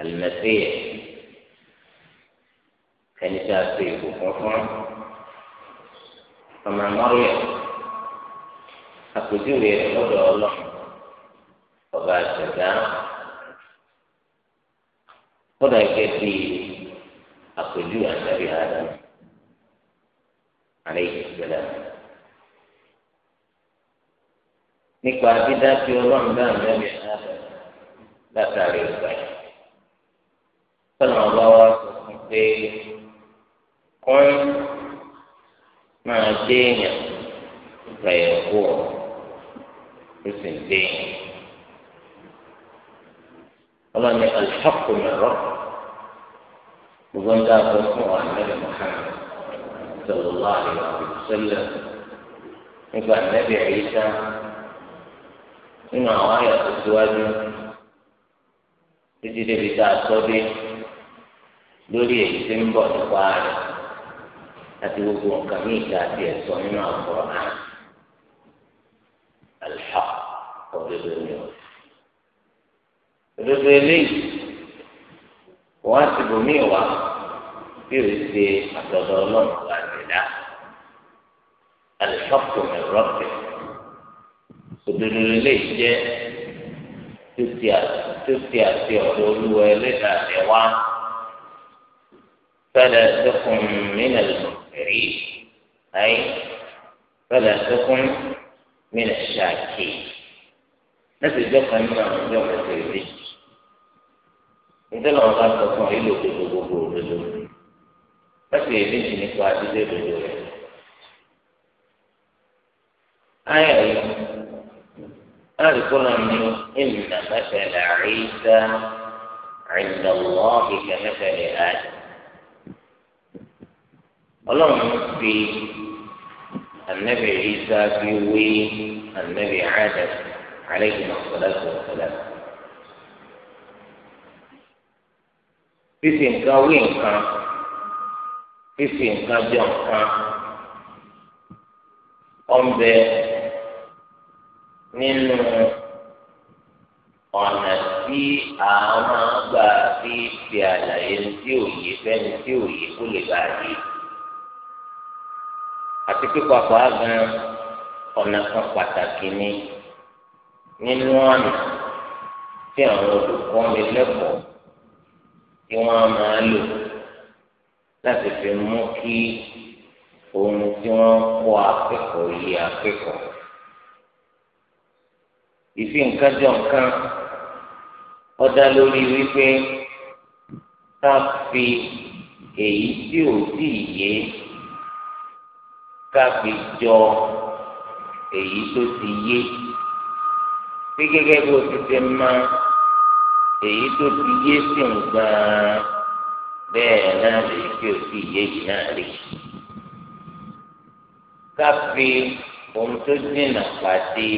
المسيح كنيسة في بوفون فما مريم أكتوري رضا الله وبعد ذلك هذا يكفي أكتوري عن نبي هذا عليه السلام نقوى بذلك الله نبي آدم لا تعرف بيه sọ̀nà ọba wa sọ fún pé kún máa dé èèyàn ìgbàyẹ̀ kú ọ̀ ó sì ń dé èèyàn. ọlọ́ni alḥaqu min rabb gbogbo ń dá ọkọ fún wa nílẹ̀ Muhammad sallallahu alayhi wa sallam nígbà nẹ́bí ẹ̀yíṣà nínú àwọn àyà tó síwájú títí débi tá a sọ dé lórí èyí tí ń bọ̀ nípa rẹ̀ àti gbogbo nǹkan ní ìta àti ẹ̀sọ́ nínú àkùrọ̀ náà alhaq òdodo ni o òdodo eléyìí wọ́n á ti bòmí wá bí o ṣe àtọ̀dọ̀ ọlọ́run wà nílá alhaq mi rọ́ọ̀kì òdodo eléyìí jẹ́ tó ti àti ọ̀dọ̀ olúwa ẹlẹ́dàá rẹ̀ فلا تكن من المنكرين أي فلا تكن من الشاكين نفس الجوكا من الجوكا الترمذي ìdílé ọ̀gá sọ fún ìlú gbogbogbò òdodo lọ́sẹ̀ èdè jì nípa àdídé òdodo rẹ̀. ayé yìí alùpùpù ní ìmìnà mẹ́fẹ̀ẹ́ rẹ̀ àríyá عند الله كمثل آدم ọlọ́run fi anabi isa fi wé anabi adam aleyhi masalatu wasalam fífi nǹkan wé nǹkan fífi nǹkan jọ nǹkan ọ̀nbẹ nínú ọ̀nà tí a máa gbà fi àlàyé tí òye fẹ́ni tí òye kó lè bá a yé àti pípa pàá gan ọ̀nà kan pàtàkì ni nínú ọ̀nà tí àwọn olùkọ́ mi lẹ́kọ̀ọ́ tí wọ́n máa lò láti fi mú kí ohun tí wọ́n kọ́ akẹ́kọ̀ọ́ yé akẹ́kọ̀ọ́. ìfi nǹkan jọ nǹkan ó dá lórí wípé ká fi èyí tí ò tí ì yé káfí jọ èyí tó ti yé bí gẹ́gẹ́ bí o ti ṣe ma èyí tó ti yé sí nǹkan bẹ́ẹ̀ náà lèyí tí o ti yé yìí náà rí káfí ohun tó dènà pàdé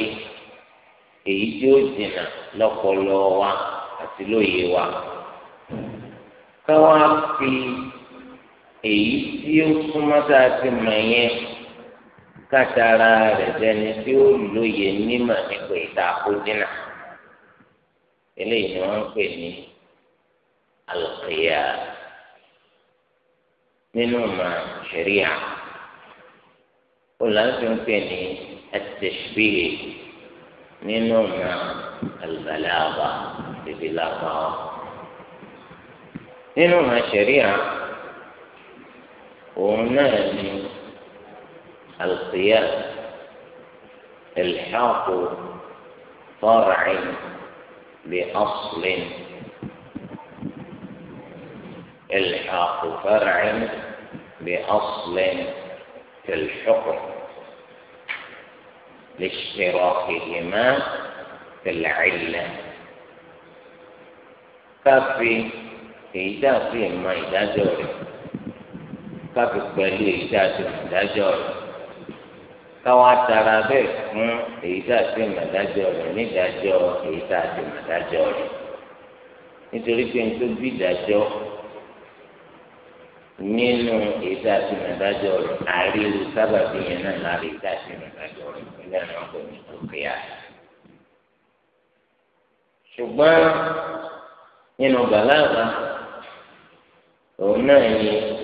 èyí tí ó dènà lọ́pọlọ wa àti lóye wa káwá fi èyí tí ó súnmọ́ tá ti mọ̀ yẹn kátàrà rẹ̀ dẹni tí ó lóye nímọ̀ nípa ìta àkójínà eléyìí ni wọ́n ń pè ní alùpùpù nínú ọmọ ṣẹ̀ríà ó pè ní ẹtẹ̀síbíyè nínú ọmọ alùbàlàbà ìbí nínú ọmọ ṣẹ̀ríà òun náà ni. القياس الحاق فرع بأصل الحاق فرع لأصل في الحكم لاشتراكهما في العلة كافي إذا في ما إذا جوري كفي قليل ما إذا جوري káwọn atara bẹ́ẹ̀ fún èyí tá a ti màdájọ́ rẹ̀ nídàájọ́ èyí tá a ti màdájọ́ rẹ̀ nítorí pé n tó bí ìdájọ́ nínú èyí tá a ti màdájọ́ rẹ̀ àríwú sábàbí yẹn náà láàrin èyí tá a ti màdájọ́ rẹ̀ nígbà náà kò ní tó kíá. ṣùgbọ́n nínú bàlágà òun náà ni.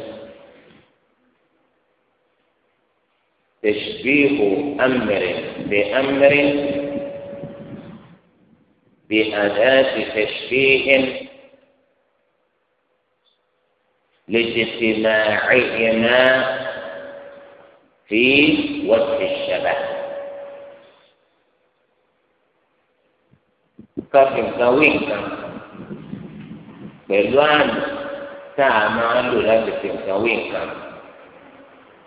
تشبيه أمر بأمر بأداة تشبيه لاجتماعهما في وجه الشبه كافٍ قوي pẹ̀lú àmì tá a máa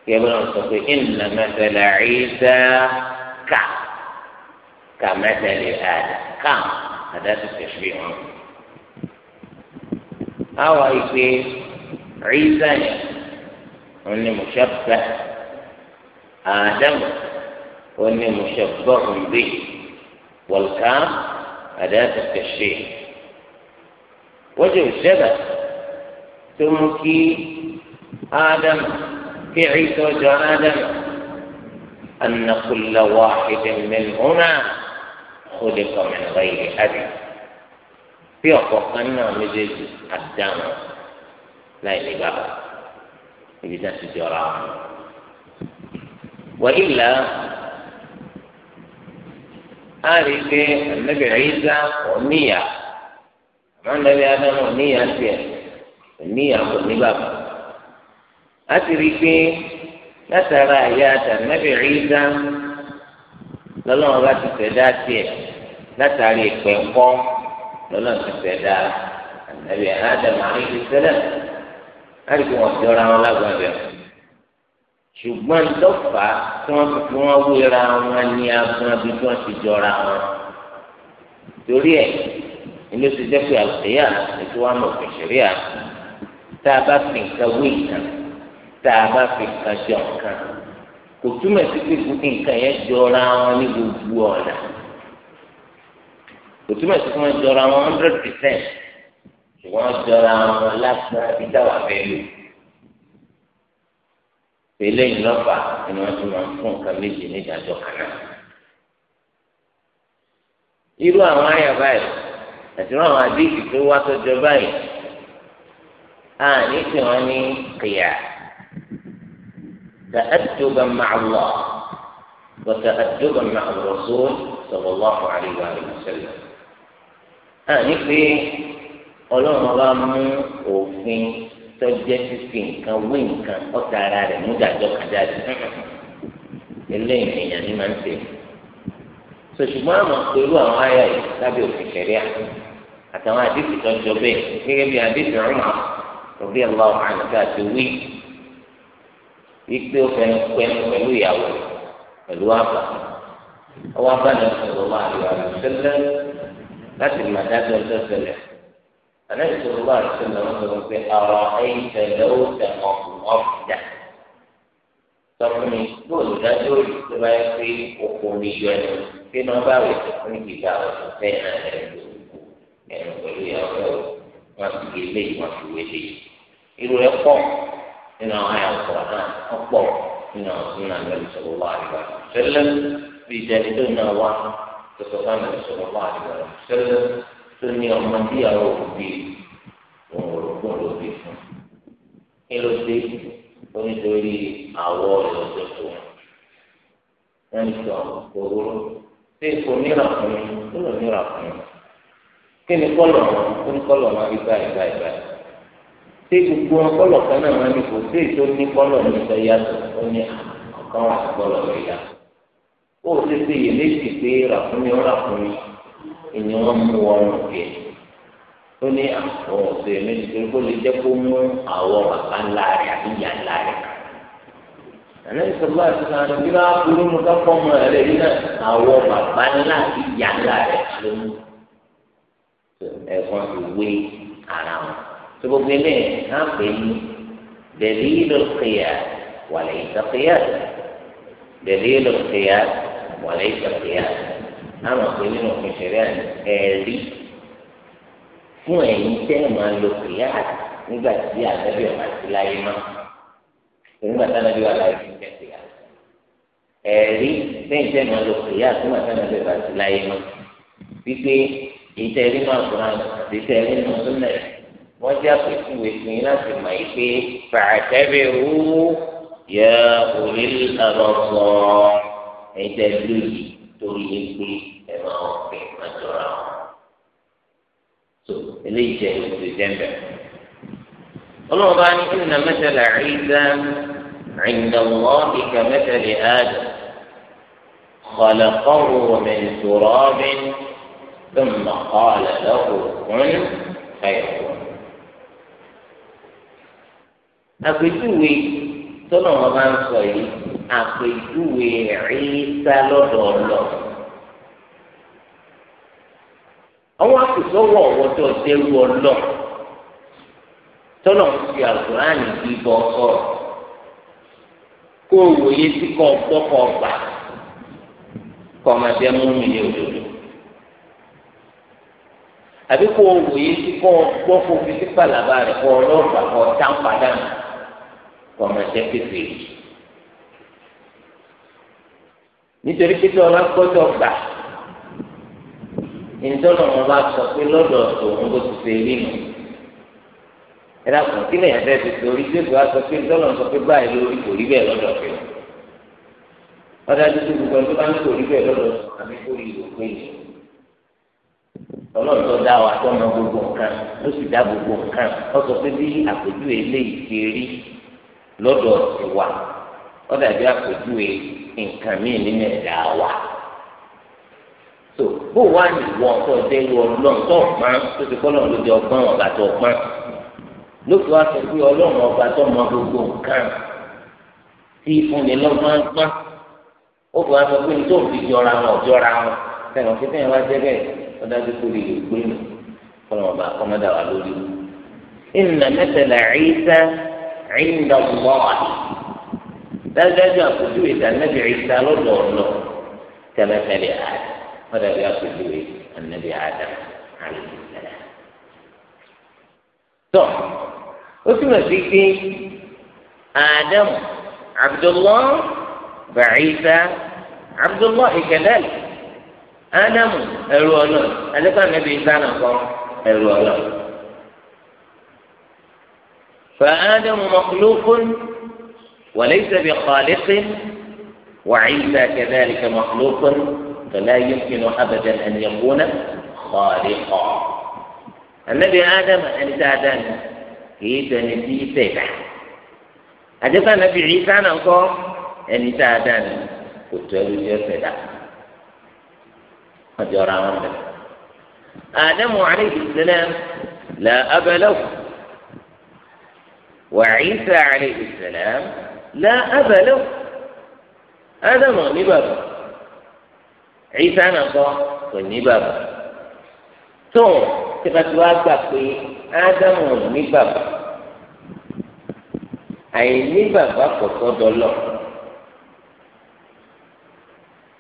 يبقى نقول إن مثل عيسى كا كمثل آدم ك أداة التشبيه أو في عيسى أني مشبه آدم وأني مشبه به والكام أداة التشبيه وجه الشبه تمكي آدم في عيسى وجه آدم أن كل واحد منهما خلق من غير أب في أقوقنا مجد الدم لا يبقى إذا تجرى وإلا في النبي عيسى ونية مع النبي آدم فيه النية والنبابة láti rí i pé látara àyà àtànẹ́bì rídá lọ́lọ́run bá ti ṣẹ̀dá tiẹ̀ látàrí ìpẹ́ ńkọ́ lọ́lọ́run ti ṣẹ̀dá àtànẹ́bì ádámù àríkì sẹ́lẹ̀ láti fi wọ́n jọra wọn lágbàbẹ̀. ṣùgbọ́n ńdọ́fà tí wọ́n fi fi wọ́n wéra wọn ní agbọn bí wọ́n ti jọra wọn. torí ẹ̀ ilé ti jẹ́ àlùfẹ́yà ètò wa mọ̀ fẹ̀ṣẹ̀ríà tá a bá fi nǹkan wé ìtàn tá a bá fi kan jọ kan kò túmọ̀ sí pé nǹkan yẹn jọra wọn ní gbogbo ọ̀nà kò túmọ̀ sí pé wọ́n jọra wọn hundred percent ṣùgbọ́n jọra wọn lásán ìdáwà bẹ́ẹ̀ lò pèlè ìlọ́fà ni wọ́n ti máa ń fún nǹkan méjì ní kan náà. irú àwọn àyà báyìí àti irú àwọn àdéhìí tó wá tọ́jọ́ báyìí a ní pè ní kìyà. تأدبا مع الله وتأدبا مع الرسول صلى الله عليه وآله وسلم àní pé ọlọ́run bá mú òfin tọ́jẹ́ fífi nǹkan wé nǹkan ọ̀tá ara rẹ̀ mú dàjọ́ kájà rẹ̀ eléyìí èèyàn ní máa ń tẹ̀. sòṣùgbọ́n àmọ̀ pẹ̀lú àwọn àyà yìí lábẹ́ òfin ṣẹ̀ríà àtàwọn àdìsí tọ́jọ́ bẹ́ẹ̀ gẹ́gẹ́ bí àdìsí ọ̀rùn àbí ọ̀lá ọ̀hánà káàtì wí wípé ó fẹnu pẹnu pẹ̀lú ìyàwó pẹ̀lú àbá ọwọ́ abáni sọ̀rọ̀ máa lò àlùsẹ́lẹ̀ láti má dájọ́ ọjọ́ sẹlẹ̀ ànábi sọ̀rọ̀ máa lò sẹ́lẹ̀ wọ́n sọ̀rọ̀ pé àwọn ẹ̀yìn tẹ̀lé ó tẹ̀ ọ̀kùn ọ̀fìjà tọkùnrin yóò lò dájọ́ òrì tó bá yẹ pé okùn mi yọ ẹnu pé máa bá rẹ̀ fún ìgbà ọ̀sán fẹ́ ẹnu pẹ̀lú ìyàwó wọn fi lé wọn fi wé irú rẹ̀ pọ̀ nínú àwọn àyà ọ̀pọ̀ náà ọ̀pọ̀ nínú àwọn sínú àgbẹ̀lẹ̀ sọ̀rọ̀ wà àdìgbà sẹ́lẹ̀ bíi ìjẹni tó náà wá tó sọ fún àgbẹ̀lẹ̀ sọ̀rọ̀ wà àdìgbà sẹ́lẹ̀ tó ní ọmọ bíyàwó òbí òun ò rògbò lóbi fún kí ló dé ó nítorí àwọ̀ ìlọ́jọ́ tó wọn ń sọ òróró tí ni kọ́lọ̀ kí ni kọ́lọ̀ máa rí báyìí báyìí ṣé gbogbo ọkọlọ kan náà máa ní kò sí èso ní kọlọ ní ìfẹ́ yàtọ̀ ó ní ọkàn wà sí kọlọ rẹ yàtọ̀ ó ṣe ṣe yè léṣe pé ràkúnmí ó ràkúnmí ìyẹn wọn mú ọrùn kẹ ó ní àwọn ọ̀sẹ̀ méjì torí kó lè jẹ́ kó mú àwọn bàbá ńlá rẹ̀ àbí ìyá ńlá rẹ̀ àná ìṣòro àti sàánù bí wàá burú mu ká pọ́ ọmọ rẹ̀ rí náà àwọn bàbá ńlá àbí ìyá ńlá rẹ̀ ló mú ẹ̀fọn ìwé ara wọn tó gbogbo eléyìí á pè ní dalilu qiyas wa laysa qiyas dalilu qiyas wa laysa qiyas á mọ̀ pé nínú òfin ṣẹlẹ̀ ẹ̀rí fún ẹ̀yin tẹ́ ẹ̀ máa lo qiyas nígbà tí àtẹ́bí ọ̀gá sí láyé má nígbà tí àtẹ́bí ọ̀gá láyé fi ń jẹ́ qiyas ẹ̀rí lẹ́yìn tẹ́ máa lo kìyà tó máa fẹ́ràn bẹ́ẹ̀ ti láyé mọ́ wípé ìtẹ́ ẹ̀rí máa kúrán àti ìtẹ́ máa tó lẹ̀ wọ́n jẹ́ àpèjúwe fún yín láti mọ̀ yìí pé fa'tabiru ya ulil absar ẹ̀yin tẹ́ lóyè torí yẹ pé ẹ̀ máa ń pè máa jọra wọn. tó eléyìí jẹ́ oṣù jẹ́mbẹ̀. ọlọ́run bá ní inna mathala Isa 'inda Allahi ka mathali Adam khalaqahu min turabin thumma qala lahu kun fayakun. àpèjúwe tọ́nà wọn bá ń sọ yìí àpèjúwe Ìsá lọ́dọ̀ ọ̀lọ́ àwọn àpèsọ́wọ́ ọ̀wọ́dọ̀ dẹ́rù ọlọ́ tọ́nà fi àgùránì bíbọ sọ̀rọ̀ kó o wòye sí kọ́ gbọ́kọ̀ gbà kọ́ mú mi òdodo àbí kó o wòye sí kọ́ gbọ́kọ̀ fi sí pàlàbà rẹ̀ kọ́ kọmọtẹ kékeré nítorí pété ọba gbọ́dọ̀ gbà ìjọba wọn bá sọ pé lọ́dọ̀ tòun bó ti ṣe rí nù ẹ dàpọ̀ kí lèyàn fẹ́ fi torí jésù á sọ pé ìjọba sọ pé báyìí lórí kò rí bẹ́ẹ̀ lọ́dọ̀ fẹ́ ọ̀dà tuntun gbogbo ẹni tó bá kò rí bẹ́ẹ̀ lọ́dọ̀ kò rí ìlú pé gbogbo nǹkan ló sì dá gbogbo nǹkan ó sọ pé bí àpèjúwe lọ́dọ̀ ìwà ọ̀dà bí àpèjúwe nǹkan míì nínú ẹ̀dá wa. tó bó wà ní ìwọ ọkọ ọdẹ ìwọ ọlọ́run tó ọ̀pá tó ti kọ́ lọ́run lóde ọgbọ́n ọ̀gá tó ọ̀pá lóṣù wa sọ pé ọlọ́run ọba tó mọ gbogbo nǹkan tí fúnni lọ́gbọ́n gbá ó fi wá sọ pé tó fi jọra wọn ọ̀jọ́ra wọn sẹ́yìn ọ̀sẹ̀ fẹ́yìn wá jẹ́ bẹ́ẹ̀ ọ̀dà tó kórè lè gbé mi kọ́ lọ́run ọba kọ́mọ́dà wà lórí. ìnà mẹ́tẹ̀lá Ìsá ẹ̀yìndà mọ́wá dájúdájú àpèjúwe ìdánilẹ́bí ìsá lọ́dọ̀ ọ̀lọ́ tẹ́lẹ̀tẹ́lẹ̀ àdá wọ́n dàbí àpèjúwe ànẹ́bí àdá àlùfẹ́lẹ́. tọ́ ó túmọ̀ sí pé àdámù àbùdọ́lọ́ bàìsá àbùdọ́lọ́ ìkẹlẹ́lẹ̀ àdámù ẹ̀rù ọ̀lọ́ àdékọ́ ànẹ́bí ìsá nàkọ́ ẹ̀rù ọ̀lọ́. فآدم مخلوق وليس بخالق وعيسى كذلك مخلوق فلا يمكن أبدا أن يكون خالقا النبي آدم أن آدم كيف نبي سيدا أجل النبي عيسى نقول أن آدم كنت أريد سيدا أجل آدم عليه السلام لا أب له وعيسى عليه السلام لا أب له آدم ní bàbá عيسى náà kò ní bàbá tóun tìbàtì wàá gbà pé ádámù ní bàbá àìní bàbá kò sọ́dọ̀ lọ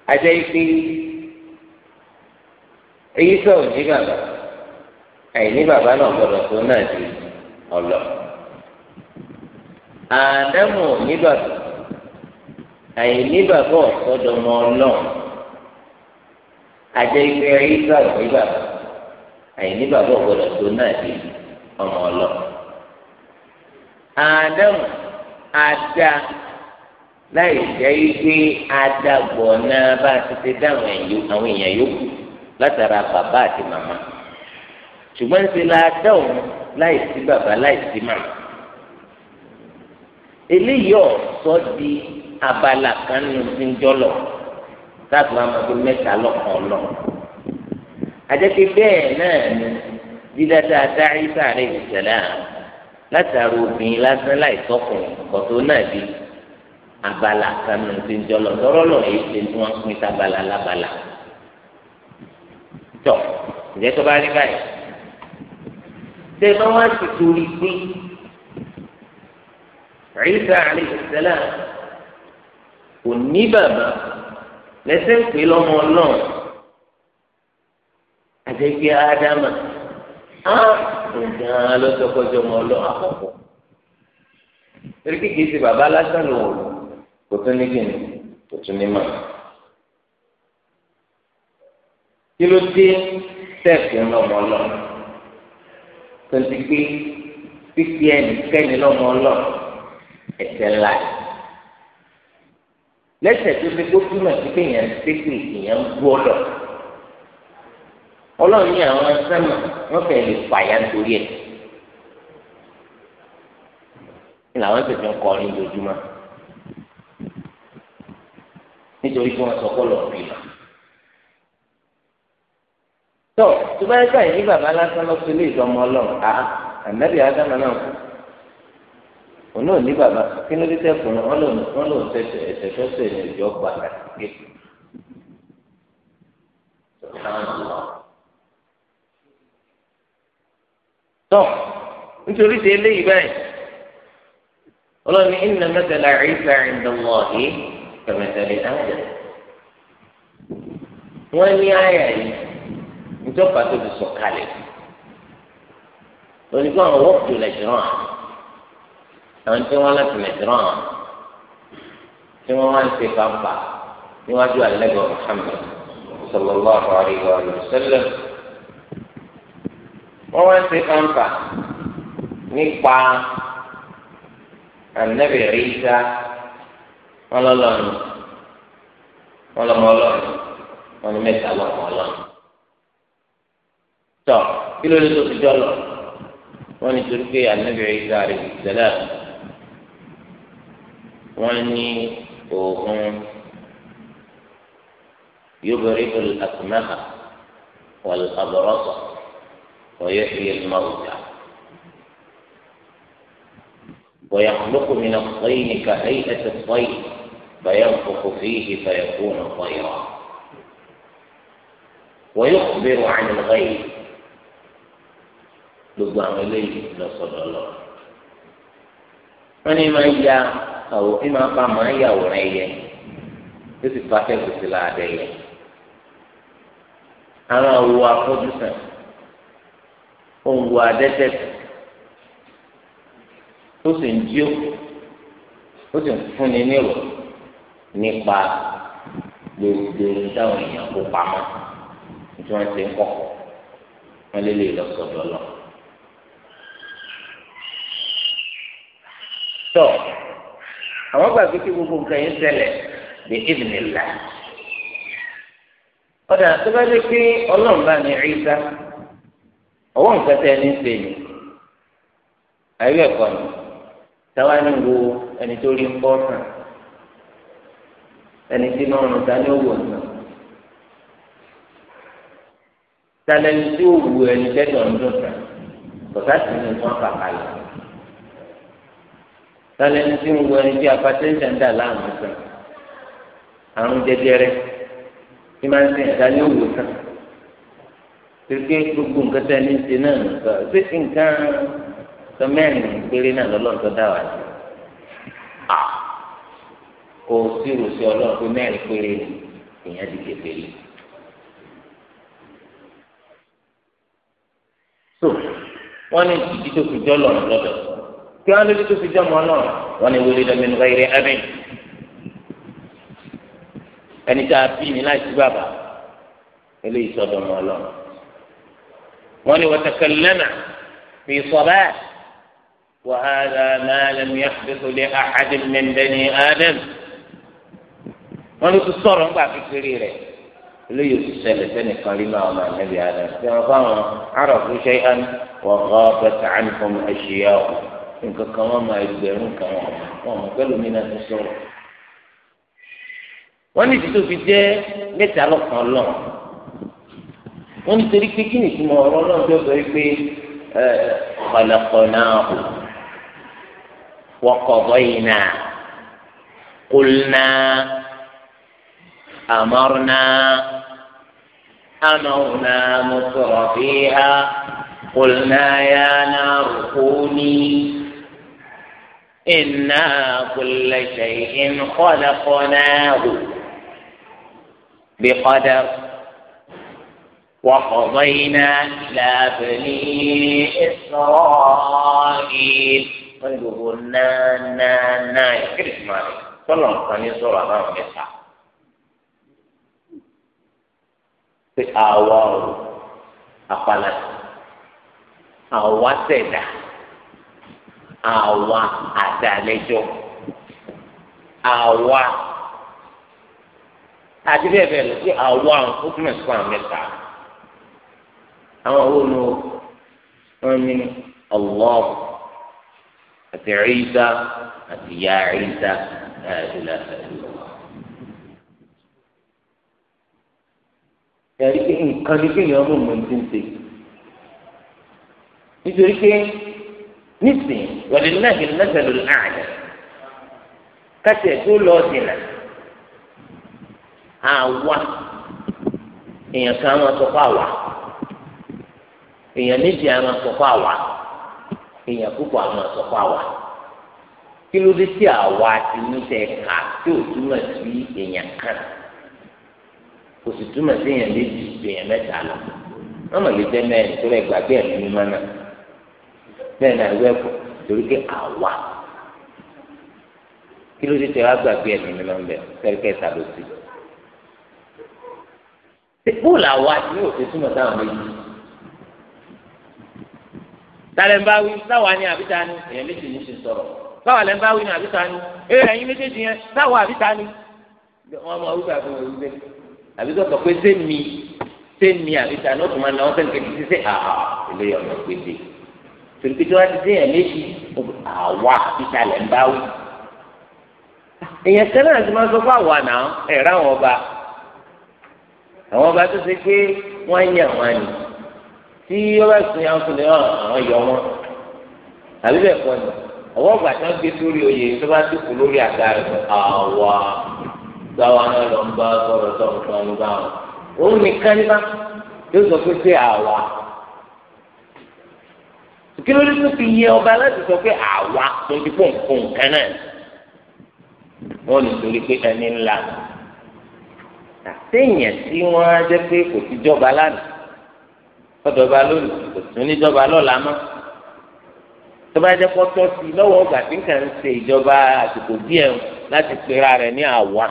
ajẹ́ pé Ìsá ò ní bàbá àìní bàbá náà gbọ́dọ̀ tó náà di ọlọ́ọ̀ àdámù nígbàgbọ́ àìnígbàgbọ́ ọ̀sọ́dọ̀mọ ọlọ́run àjẹ ìfẹ́ ìgbà nígbàgbọ́ àìnígbàgbọ́ gbọdọ̀ tó náà di ọmọ ọlọ́run. àdámù ada láì jẹ́ ìgbé adágbọ̀ náà bá a ti ti dá àwọn èèyàn yòókù látara bàbá àti màmá ṣùgbọ́n ṣe la dá òun láì sí bàbá láì sí màmá eléyìí ọ̀sọ́ di abala kan ní ìsinjọ́lọ̀ láti wá máa fi mẹ́ta lọ́kàn lọ. àjẹpé bẹ́ẹ̀ náà ni dídáta dáríta rẹ̀ ìṣẹ̀lẹ̀ látàrí obìnrin lásán láì sọ́kùn kọ̀tó náà di abala kan ní ìsinjọ́lọ̀ lọ́rọ́ lọ èyí ṣe tí wọ́n pín tábala lábala. tọ́ ǹjẹ́ tó bá rí báyìí ṣé bá wá sì torí pín. Isa alayhi salam kò ní bàbá lẹ́sẹ̀ ń pè lọ́mọ náà àtẹ̀gbẹ́ ádámà á nǹkan lọ́sọ̀kọ́jọ́ ọmọ ọlọ́ àkọ́kọ́ torí kìkì sí bàbá lásán ló wò kò tún ní kíni kò tún ní mà kí ló dé sẹ́ẹ̀kì lọ́mọ ọlọ́ ẹ̀ṣẹ̀ ńlá lẹ́sẹ̀ tó fi kó túmọ̀ sí pé èèyàn ń pépè èèyàn ń gbọ́ lọ ọlọ́run ní àwọn sẹ́mà wọ́n fẹ́ lè fàyà nítorí ẹ̀ ní làwọn ti fi ń kọrin lójúmọ́ nítorí pé wọ́n sọ pé lọ́ọ́ bí lọ. tó tó bá yẹ káyìí ní bàbá lásán lọ́sọ̀lẹ̀ ìdánmọ́ ọlọ́run àá ànábì ádámà náà kú òun náà ní bàbá kí ló dé tẹkùn wọn lò wọn lò tẹsẹ ẹsẹ tẹsẹ ní ìjọ gba kàtìkè tọ nítorí ti eléyìí báyìí ọlọ́ni ìnà mẹ́tẹ̀lá ìfẹ́ ìdánwò yìí kẹ̀mẹ́tẹ̀lẹ̀ ájà wọ́n ní àyà yìí nítorí pàtó ti sọ̀kalẹ̀ lónìí kó àwọn wọ́pù tó lẹ̀ jọ̀rọ̀ àná àwọn tí wọ́n láti nàìjíríà tí wọ́n wá ń ṣe pàmpà níwájú àlẹ́gbẹ̀ Muhammad sallallahu alayhi wa sallam wọ́n wá ń ṣe pàmpà nípa ànábì Ìsá wọn lọ́lọ́run wọn lọ́mọ ọlọ́run wọn ní mẹ́ta lọ́mọ ọlọ́run tọ́ kí ló dé tó fi jọ́ lọ wọ́n ní torí pé ànábì Ìsá rẹ̀ sẹ́lẹ̀. wọ́n ní oògùn يبرئ الأكمه والأبرص ويحيي الموتى ويخلق من الطين كهيئة الطير فينفخ فيه فيكون طيرا ويخبر عن الغيب gbogbo àwọn eléyìí lọ sọ́dọ̀ lọ wọn ni máa ń ya àwò ìmọ̀ apá máa ń yàwò rẹ̀ yẹ yóò sì fa kẹ́kọ̀ọ́ sí láàdẹ yẹ. àwọn àwo afọ́jú sàn òun wo adẹ́tẹ̀ ó sì ń jí ó ó sì ń fúnni nírò nípa gbèrúgbèrú táwọn èèyàn kó pamọ́ tí wọ́n ti ń kọ́ wọ́n lé lè lọ sọ̀dọ̀ lọ. tọ́ àwọn gbà pé kí gbogbo nǹkan yẹn ṣẹlẹ̀ ní ìdìnnìlá ọ̀dà tó bá dé pé ọlọ́run bá ní ìrísá ọwọ́ nǹkan tẹ́ ẹni ṣe ni àyè ẹ̀kọ́ ni táwa ní wo ẹni tó rí ń bọ́ sàn ẹni tí máa ń rún ta ní òwò sàn tani ẹni tí ó wù ẹni tẹ́tọ̀ ń dùn sàn kò sáà sí ní wọn kàkà lọ lálẹ́ ní tí ń wọ ẹni tí apatẹ́ńtà ń dà láàmú sàn àrùn jẹjẹrẹ tí máa ń sìn ẹ̀dá ní òwò sàn kékeré gbogbo nǹkan tẹ́ ní ti náà nǹkan ṣé nǹkan sọ péré náà lọ́lọ́run tó dá sí kò sí ìròsí ọlọ́run mẹ́rin péré èèyàn ti kéde yìí. so wọ́n ní ìdí tó fi jọ́ lọ́rùn lọ́dọ̀ kí wọn lórí tó fi jọ ọmọ náà wọn ni wọlé lọmọ nǹkan eré ẹbí ẹni tá a bí ní láì sí bàbá eléyìí sọ́dọ̀ ọmọ Ọlọ́run wọn ni watakallama fi salat wa hadha ma lam yahdith li ahadin min bani adam wọn ló ti sọ̀rọ̀ ńgbà kékeré rẹ eléyìí ti ṣẹlẹ̀ sẹ́nìkan rí máa ọmọ ànábì adam tí wọn fáwọn arọ̀fù shay'an wa ghabat anhum ashya'u. nǹkan kan wọn máa ẹgbẹ̀rún kan wọn wọn mọ pẹ̀lú mi náà ti sọ̀rọ̀ wọn ní ìdílé òfin jẹ mẹ́ta lọ́kàn lọ́n wọn nítorí pé kí ni ìtumọ̀ ọ̀rọ̀ náà tó sọ pé kọlẹkọlẹ wọkọbọ yìí náà kulna amarna amawna musorofiha kulna ya na rukuni iná kulẹ̀ ṣe ìnkọ́lẹ̀ kọ́náàbù bí kọ́dà wàkọ̀bọ̀yìnà làbẹ̀lì ìsọ̀ọ́ọ̀ì wọ́n ní gbogbo náà náà náà kìrìsìmọ́ọ̀lì tọ́lọ̀ nǹkan ní sọ̀rọ̀ àbáwọn mẹ́ta. pé àwa ọ̀rọ̀ àpàlà àwa tẹ̀dá àwa àdàlẹ́jọ́ àwa àti bẹ́ẹ̀ bẹ́ẹ̀ lọ sí àwa ó túmọ̀ sí fún àwọn àwọn owó ni wọ́n ní Allah àti Ìsá àti ya Ìsá láti láti lọ. ẹ̀rí nǹkan ní kéèyàn mú mọ́ ní ti ń ṣe nítorí pé. nísìnyí were lẹ́sẹ̀lú ààyè kásì ẹ̀tọ́ lọ dìnnà àwa èèyàn kan máa sọ fún àwa èèyàn méjì awa máa sọ fún àwa èèyàn púpọ̀ á máa àwa kí ló dé tí àwa ti ní ká tí ò sí èèyàn kan kò sì bẹ́ẹ̀ náà ìwé ẹ̀kọ́ torí pé àwa kí ló ti tẹ̀ wá gbàgbé ẹ̀mí mi máa ń bẹ̀ kẹ́ríkẹ́ ta ló sí. bóòlù àwa ni yóò fi túmọ̀ sáwọn méjì. tàlẹ̀ ń bá wí sáwa ni àbí ta ni èèyàn méjì ní í ṣe sọ̀rọ̀ sáwa lẹ́ ń bá wí ni àbí ta ni ee ẹ̀yin méjèèjì yẹn sáwa àbí ta ni. wọ́n máa wí bàbá wọn wí bẹ́ẹ̀ àbí tó sọ pé sẹ́mi sẹ́mi àbí ta ni ó tún máa náwó sẹ́ni kẹ́kẹ́ sí sẹ́ torí pé tí wọ́n ti méjì àwa ìsàlẹ̀ ń bá wí. èèyàn kan náà ti máa sọ fún àwa náà ẹ̀rọ àwọn ọba àwọn ọba tó ṣe pé wọ́n yàn wọn ni tí wọ́n bá sùn yàn fún yàn àwọn yọ wọn àbí bẹ́ẹ̀ kọ́ ni àwọn ọgbà tí wọ́n gbé sórí oyè tó bá dúkù lórí àga rẹ̀ àwa gbáwa náà lọ ń bá sọ̀rọ̀ sọ̀rọ̀ sọ̀rọ̀ báwọn òun nìkan ní bá yóò sọ pé pé àwa kí ló dé tó fi yẹ ọba láti sọ pé àwa tó ti pọ̀ nǹkan nǹkan náà wọ́n lè torí pé ẹni ńlá àtẹ̀yìn tí wọ́n á jẹ́ pé kò ti jọba lánàá ọ̀dọ̀ba lónìí kò tún ní jọba lọ́la mọ́ tó bá jẹ́ pọ́tọ́ sí lọ́wọ́ ọgbà tí nǹkan ń ṣe ìjọba àsìkò díẹ̀ láti pera rẹ̀ ní àwa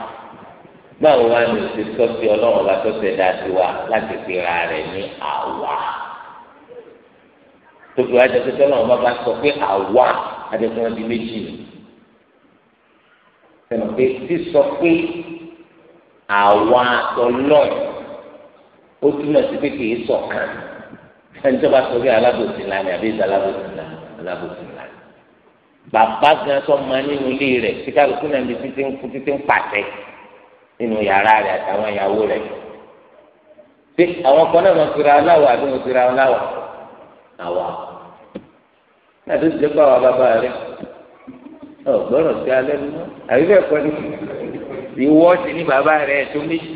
báwo wá ni o ti sọ sí tó ṣẹ̀dá sí wa láti pera rẹ̀ ní àwa tóbi wá jẹ pé tọ́lá wọn bá bá sọ pé àwa adẹ́kùnrin di méjì ni sẹ́nu pé sísọ pé àwa tọ́lọ́ ó túmọ̀ sí pé kì í ṣọ̀kan ẹni tó bá sọ pé alábòsí ńlá ni àbí ìsàlábòsí ńlá alábòsí ńlá bàbá gan sọ ma nínú ilé rẹ̀ tí kálukú náà di títí ń kú títí ń pàṣẹ nínú yàrá rẹ̀ àtàwọn ìyàwó rẹ̀ ṣé àwọn kan náà máa fira aláwọ̀ àbí wọn fira aláwọ̀ àwa náà tó ti dé pa àwa bàbá rẹ ọgbọ́rọ̀ sí alẹ́ nínú àbí bẹ́ẹ̀ kọ́ ni ìwọ sí ní bàbá rẹ tó méjì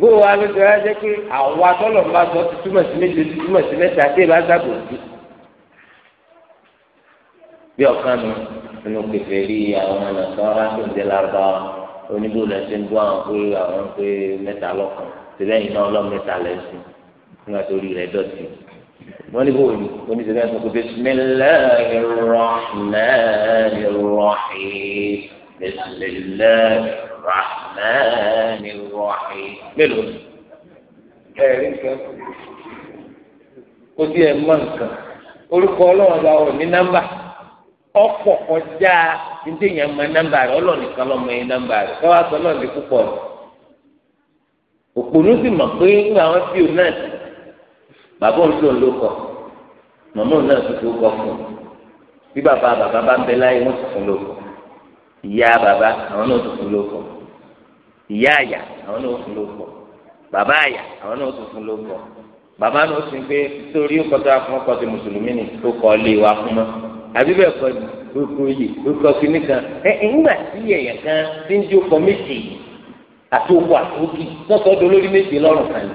bó wa ló ti rà jẹ́ pé àwa tọ́lọ̀ bá sọ ti túmọ̀ sí méje ti túmọ̀ sí mẹ́ta tí èèbá sábò sí bí ọ̀kan nu nínú kẹfẹ́ rí àwọn nàṣọ́ra tó ń dé lárúbáwá oníbò lẹ ti ń bọ́ àwọn pé àwọn pé mẹ́ta lọ́kàn tẹ́lẹ̀ yìí náà ọlọ́mẹ́ta lẹ́sìn nígbà tó rí rẹ̀ dọ̀tí wọ́n ní bóyá oníṣẹ́gbẹ́ sọ pé bisimilahi rahmani rahim bisimilahi rahmani rahim mélòó ẹ̀rí nǹkan kó sí ẹ̀ mọ́ nǹkan orúkọ ọlọ́run la ọ̀ ní nọ́mbà ọ̀pọ̀ kọjá ndé yẹn mọ nọ́mbà rẹ̀ ọlọ́run nìkan ló mọ nọ́mbà rẹ̀ káwá sọ ọlọ́run lè púpọ̀ òpònú sì mọ̀ pé ńgbà wọn fi òun náà sí bàbá òun lòun ló kọ màmá òun náà tuntun kọ fún un bí bàbá bàbá bá ń bẹ láyé wọn tuntun ló kọ ìyá bàbá àwọn náà tuntun ló kọ ìyá àyà àwọn náà tuntun ló kọ bàbá àyà àwọn náà tuntun ló kọ bàbá náà sì ń pé torí ó kọtà fún ọkọ ti mùsùlùmí ni tó kọ lé wa fún mọ àbí bẹ́ẹ̀ kọ́ ni gbogbo yìí gbogbo kìíní kan ẹ ńgbà tí ẹ̀yà kan ti ń jó kọ́mítì àti òkú àti òkì tọ́sọ́dọ̀ lórí méje lọ́rùn kan ni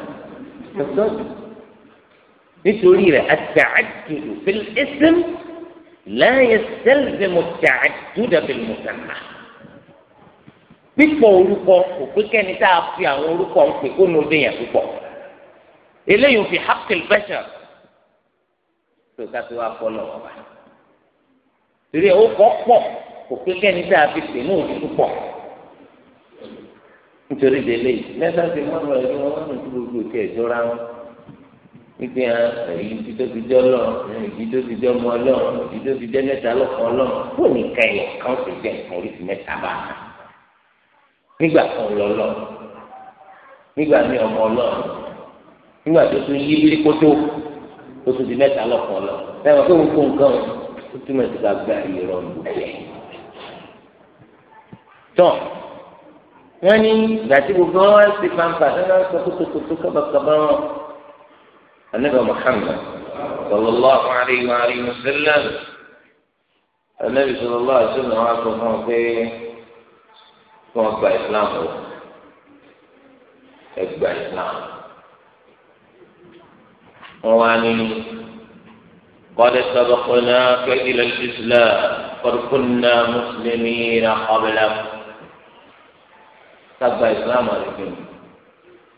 nítorí rẹ̀ àtàdùdù fil ism la yastalzimu àtàdùdù fil musamma pípọ̀ orúkọ kò pé kẹ́ni tá a fi àwọn orúkọ ń pè kó nu déyàn púpọ̀ eléyìí fi haqqil bashar tó ká tó wá fọ́ lọ́wọ́ bá torí ẹ̀ ó kọ́ pọ̀ kò pé kẹ́ni tá a fi pè ní òní púpọ̀ nítorí délé lẹ́sà ti mọ́nà ẹ̀rọ wọn nù tó gbogbo tẹ̀ jọra wọn wípé èyí tí tó fi jọ lọ èyí tó fi jọ mọ lọ èyí tó fi jẹ mẹ́ta lọkàn lọ kó nìkan yẹn kan sì jẹ nǹkan oríṣi mẹ́ta bá a nígbà kan lọ lọ nígbà mi ọmọ lọ nígbà tó tún yí bí kótó tó tún di mẹ́ta lọkàn lọ sẹ́wọ̀n tó ń kó nǹkan tó túmọ̀ sí ká gba ìrọ̀ ń bẹ̀. tọ́ wọ́n ní ìgbà tí gbogbo wọn ti fanfa sọ́dọ̀ sọ́kótótó kábàkábà wọn. النبي محمد صلى الله عليه وآله وسلم النبي صلى الله عليه وسلم وعطوا في وقبع إسلامه اقبع إسلام وعني قد سبقناك إلى الإسلام قد كنا مسلمين قبلك تبع إسلام عليكم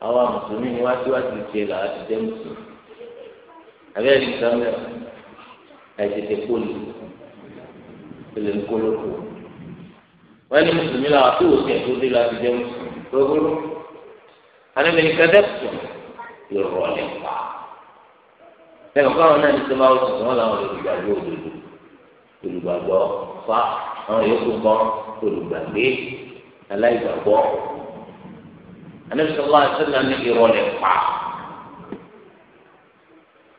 أو مسلمين واتي واتي تيلا أتدمسوا àbí ẹni nǹkan mẹ́rin àìtètè kóòlù ìpele ńkólókò wọ́n ní mùsùlùmí làwọn tó wò sí ẹ̀kọ́ dé láti jẹ́ mùsùlùmí gbogbo anábìnrin kẹ́dẹ́kùtù ìrọ̀lẹ́ pa lẹ́yìn ọ̀pọ̀ àwọn náà ní sọ́mà ọ̀sùn tí làwọn olùgbàgbọ́ òdodo olùgbàgbọ́ fa àwọn yòókù kan olùgbàgbé aláìgbàgbọ́ anábìnrin sọ́mà ọ̀sùn náà ní ìrọ̀lẹ́ pa.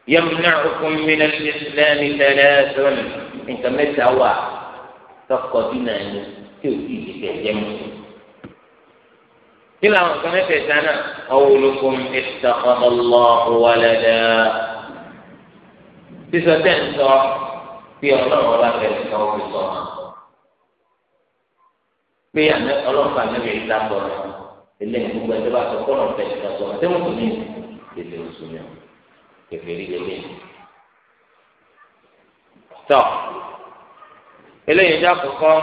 يمنعكم من الإسلام ثلاث إنت متى وا تقدنا تؤتي بهم إلى أن كانت سنة قولكم اتخذ الله ولدا تسعتين صح في الله ولا غير الكون صح في أن الله كان النبي صلى الله اللي هو بيتبع سكون في الصلاة تمسكين اللي هو سنة kẹfẹ́rí lélẹ̀. tọ́ eléyìí jẹ́ àkọ́kọ́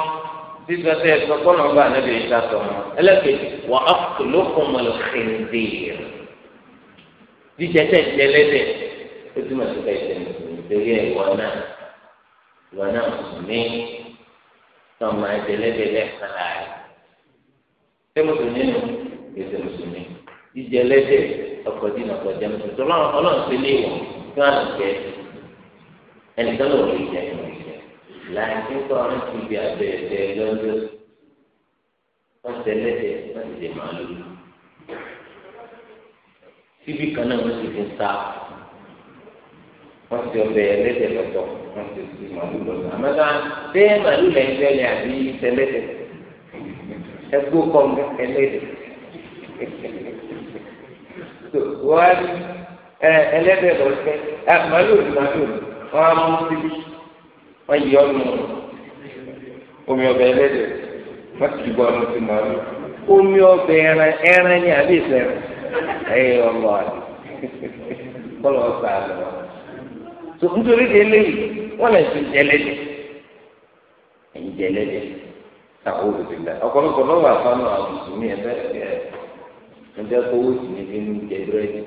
sísọ sí ẹ̀sọ́ kọ́ nọ́mbà níbi ìta sọ̀rọ̀ ẹlẹ́kẹ̀ẹ́jì wà á ló kún mọ́ lọ́kìndé jíjẹ tẹ̀ jẹlẹ́dẹ̀ ó túmọ̀ sí ká ìṣẹ̀ mùsùlùmí torí ẹ̀ ìwọ náà ìwọ náà mùsùlùmí náà máa jẹlẹ́dẹ̀ lẹ́ẹ̀kan láàyè ṣé mùsùlùmí nù èsè mùsùlùmí jíjẹ lẹ́dẹ̀ ọkọ̀ dínà ọkọ̀ jẹ́ mùsùlùmí tọ́lá ọlọ́run ṣe lé wọ̀ kí wọ́n á lọ jẹ ẹnìkan ló rí jẹ ìwọ̀n ìjẹ láì tí kò ọ̀rẹ́ ti fi àbẹ̀ ẹ̀dẹ̀ lọ́dọ̀ wọ́n ṣe lẹ́dẹ̀ wọ́n ti dè máa lóyún síbi kan náà wọ́n ti fi ta wọ́n ti ọbẹ̀ ẹlẹ́dẹ̀ lọ́tọ̀ wọ́n ti fi màlúù lọ́tọ̀ àmọ́tá ṣé màlúù lẹ́yìn fẹ́ ni àbí ṣẹlẹ́dẹ̀ ẹgbó kọ́ ẹlẹ́dẹ̀. tó wá ní ẹlẹ́dẹ̀ lọ́sẹ̀ ẹ màlúù ní màlúù wọ́n á mú síbi wọ́n yí ọ́nù omi ọbẹ̀ ẹlẹ́dẹ̀ wọ́n ti bọ́ ọ́nù sí màlúù omi ọbẹ̀ ẹran ẹran ní àbí ìsẹ̀rẹ̀ ẹ̀yẹ ọlọ́ àdé kọ́lọ́ ọ̀sà àlọ́ tó nítorí de eléyìí wọ́n lè ti jẹlẹ́dẹ̀ ẹ̀yìn jẹlẹ́dẹ̀ àwọn olùdílé ọ̀pọ̀lọpọ̀ lọ́wọ́ níjẹ́ kó owó sì ní fi ń jẹ búrẹ́dì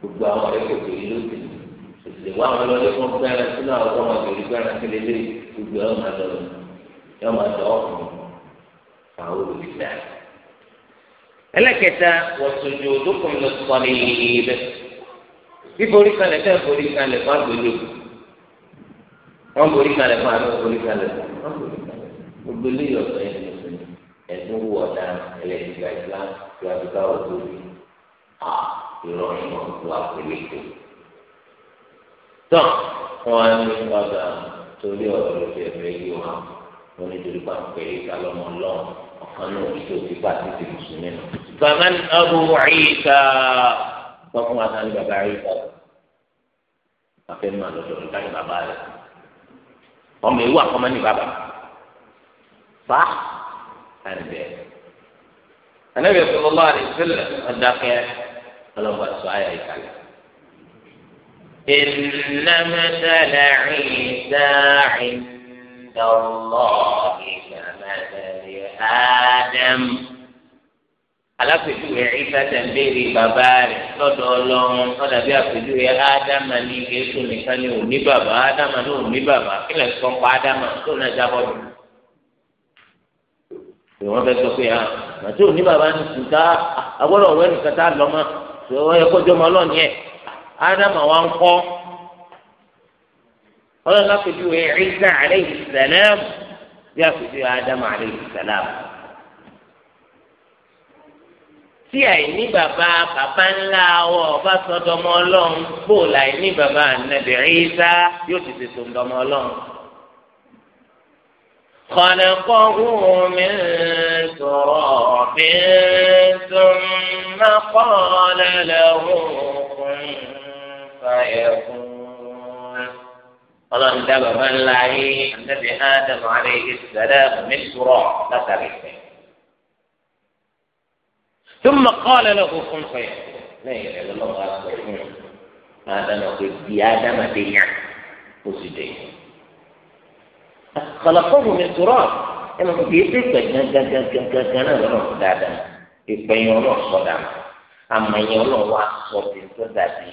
gbogbo àwọn ọ̀rẹ́ kò tèmi ló tèmi òsèlè wá àwọn ọlọ́dẹ fún gbẹ́rẹ́ sínú àwọn ọmọ ìgbèrè gbẹ́rẹ́ sílé lé gbogbo ẹ̀ máa dọ̀ ẹ̀ máa dọ̀ ọ̀kùnrin àwọn olùdíjà. ẹlẹ́kẹta wọ̀sùnjù òdòkùn ló sọ ní ibẹ̀ fíforí kalẹ̀ tẹ́ forí kalẹ̀ fún agbèlè wọn forí kalẹ̀ fún àná forí kalẹ̀ fún agbèlè gbogbo ilé ìyọ̀sọ̀ yẹn ẹ̀dínwó ọ̀dà ẹlẹ́dìgbà ìsìlámù tí a ti ká wò tó bí a ìrọ̀rùn náà tó a pèlè tó. tán wọn á ní ọ̀dà torí ọ̀rọ̀ ló fi ẹ̀fẹ́ yí wa wọn ní torí pa pé ìta lọ́mọ lọ́wọ́ ọ̀kan náà ní tó pa àti ti mùsùlùmí nù. bàbá ní abu ìta wọ́n fún wa sáré bàbá ìta afẹ́nu àlọ́dọ̀ nígbà ní bàbá rẹ̀ ọmọ ewu àkọ́mọ́ ní bàbá fa àrùn bẹ́ẹ̀ anabi sallallahu alaihi wasallam ọdakẹ ọlọmọ sọ ayé ìkàlẹ. إن مثل عيسى عند الله كمثل آدم alápèjúwe ìfẹ́ tẹ̀m̀béèrè bàbá rẹ̀ lọ́dọ̀ ọlọ́run lọ́dà bí àpèjúwe ádámà ní èso nìkan ní òní bàbá ádámà ní òní bàbá kílẹ̀ sọ́kọ́ ádámà tó náà jábọ̀ lọ́dọ̀ tí wọ́n fẹ́ sọ pé ah màtí òní bàbá ní sùtá agbọ́dọ̀ ọ̀rọ̀ ẹnìkan tá a lọ mọ́ tí wọ́n yẹ kọjọ́ ọmọ ọlọ́ọ̀ni ẹ̀ ádámà wa ń kọ́ ọlọ́run lápẹ̀jú ẹ̀ Ìsá alayhi salam bí àpẹjú ádámà alayhi salam. tí àìní bàbá bàbá ńlá wọ ọba sọdọmọ ọlọ́run bò láìní bàbá ànábì Ìsá yóò ti tètè sọdọmọ ọlọ́run. خلقه من تراب ثم قال له كن فيكون ولم تبقى الله أن نبي آدم عليه السلام من تراب لا نسبه ثم قال له كن فيكون لا إله إلا الله هذا نقول بآدم دينا وسجينا kọlọkọọbù mi tòrọ ẹ máa fi ètò ìpè gangangangangan náà lọ́nà tó dáadáa ìpè yẹn ọlọ́ọ̀ sọ̀dà àmọ́ yẹn ọlọ́ọ̀ wá sọ ti tó dàbí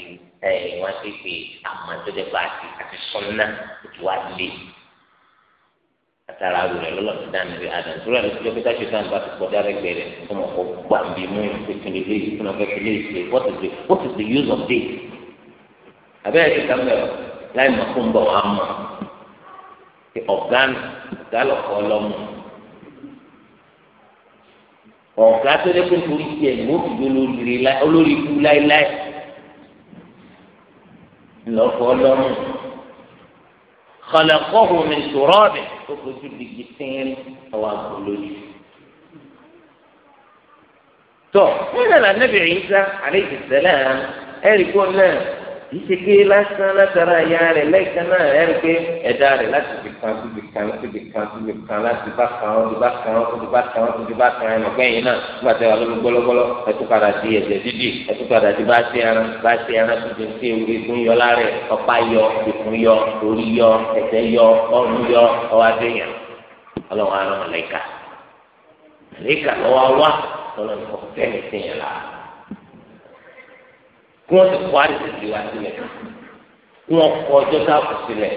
ẹ̀yìn wá sí pé àmọ́ tó dé bá ti àti sọ́nà tó wá lé atara awo rẹ lọlọ ti dáná bi adam tó rẹ lọ sí dókítà ṣe sáà nípa ti pọ̀ dára gbẹ rẹ fún ọmọ kó gbà bí mú ìpèkìlì lé ìfúnná fẹ́ kílé ìfẹ́ what is the what is the use of this abẹ́rẹ́ ti ká mẹ́rọ láì mọ̀ fún bọ̀ wá mọ̀ pé ọ̀gá mi ọ̀gá lọ̀kọ́ lọ́mọ ọ̀gá tó dé pé torí tiẹ̀ ní òfin olórí ikú láéláé lọ́kọ́ lọ́mọ kọlẹ́kọ́hù mi sọ̀rọ̀ mi ó fojú digi tẹ́ẹ̀rì ọwọ́ àgbò lójú. tó nígbà náà nàbẹ̀rẹ̀ yìí sá àlejò sẹ́lẹ̀ ẹ̀rí kó náà ìṣèké lásán látara ìyá rẹ̀ lẹ́ẹ̀kan náà ẹ̀rí pé ẹ̀dá rẹ̀ láti fi kan síbi kan síbi kan síbi kan láti bá kan ọ́ síbi kan ọ́ síbi kan ọ́ síbi kan ẹ̀ lọ́gbẹ́ náà nígbà tí wà lórí gbọ́lọ́gbọ́lọ́ ẹ̀tún padà di ẹ̀jẹ̀ dídì ẹ̀tún padà di bá ṣe ẹran bá ṣe ẹran tuntun sí ewúrẹ́ fún yọ lárẹ̀ ọ̀pá yọ ìfún yọ orí yọ ẹ̀tẹ́ yọ ọ̀run yọ ọwọ́ adéyàn ọlọ́run arán mọ̀lẹ́kà mọ̀lẹ́kà lọ́wọ́ kí wọ́n ti kọ́ àdìsí wa sílẹ̀ kí wọ́n kọ́ ọjọ́ sáàpù sílẹ̀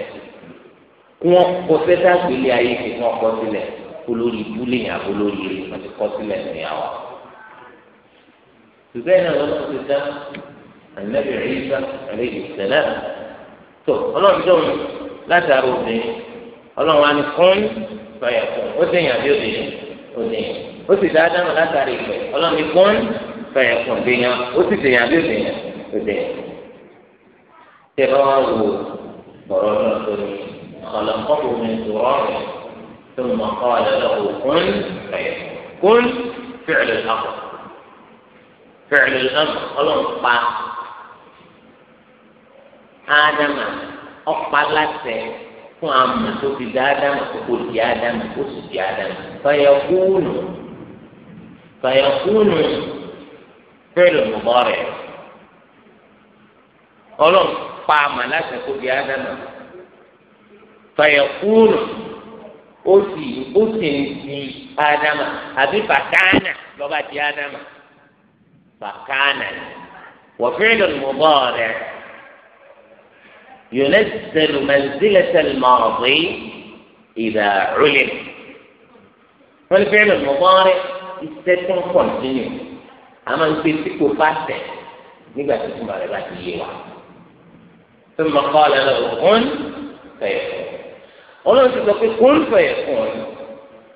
kí wọ́n kọ́ sẹ́tàgbélé ayé kí wọ́n kọ́ sílẹ̀ olórí ìbúlé yẹn àbólórí rẹ̀ wọ́n ti kọ́ sílẹ̀ nìyàwó. ṣùgbọ́n náà lọ́nà ti dá ànábì Ìsá alayhi salam tó ọlọ́run tó ń látara obìnrin ọlọ́run wa ni kún fàyà kún ó sì yàn bí obìnrin obìnrin ó sì dáadáa látara ni kún fàyà tó dẹ̀ tẹ́ bá wà wò bọ̀rọ̀ náà tó ní ọ̀làkọ́kọ́ mi tó rọrùn tó mọ̀ kọ́ àlọ́ òkun kún kún fìlẹ̀ àpò fìlẹ̀ àpò ọlọ́mpa ádámà ọ̀pá láti fún àmà tó fi dá ádámà kókó di ádámà kó sì di ádámà fàyà kúùnù fàyà kúùnù fìlẹ̀ mọ̀bọ́rẹ̀. ọlọ́run pa àmà láti ẹ̀kọ́ bíi ádámà kúrò ó sì ó sì ń di ádámà àbí bàkánà lọ́ba di ádámà fàkánà wọ̀fíìlì mọ̀bọ́ọ̀rẹ́ yunẹ́sẹ̀lù mẹ́sílẹ̀sẹ̀lù mọ̀ọ́bí ìdá rúlẹ̀ wọ́n ní fíìlì mọ̀bọ́ọ̀rẹ́ iṣẹ́ tó ń kọ̀ntínú àmọ́ ń pè sípò pàṣẹ nígbà tó túmọ̀ bare bá ti yé wa. ثم قال له كن فيكون ọlọ́run ti sọ pé kún fẹ̀yẹ̀ fún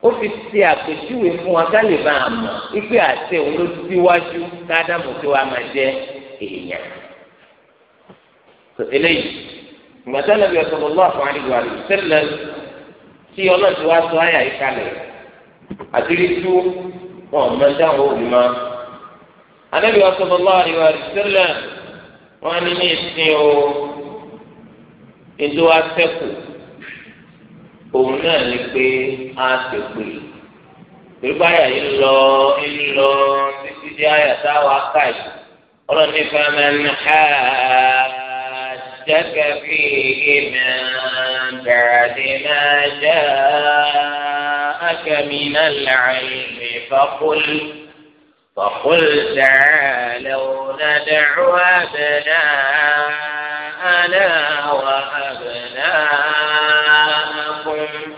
ọ ó fi ṣe àpèjúwe fún wa ká lè bá a mọ̀ ipe àti òun ló ti wájú kádàmù tó wa máa jẹ èèyàn. eléyìí ìgbàtà nàbí ọ̀sán lọ́wọ́ àwọn àdìgbò àdìgbò tẹ́lẹ̀ tí ọlọ́run ti wá sọ àyà yìí kalẹ̀ àdìrí tú wọn ò máa dáhùn òbí ma. àdìgbò ọ̀sán lọ́wọ́ àdìgbò àdìgbò tẹ́lẹ̀ wọn ní ní ìsìn o ètò asẹ́kù òun náà ni pé a ṣe pé gbogbo àyà yìí lọ ń lọ títí di àyà táwa ká yìí ọlọ́run ní fẹ́mi ní ha jẹ́kẹ́ fi ìmọ̀ bẹ̀rẹ̀ máa jẹ́ akẹ́mi náà láàyè ìfọ́kúlù. فقل تعالوا ندعو أبناءنا أنا وأبناءكم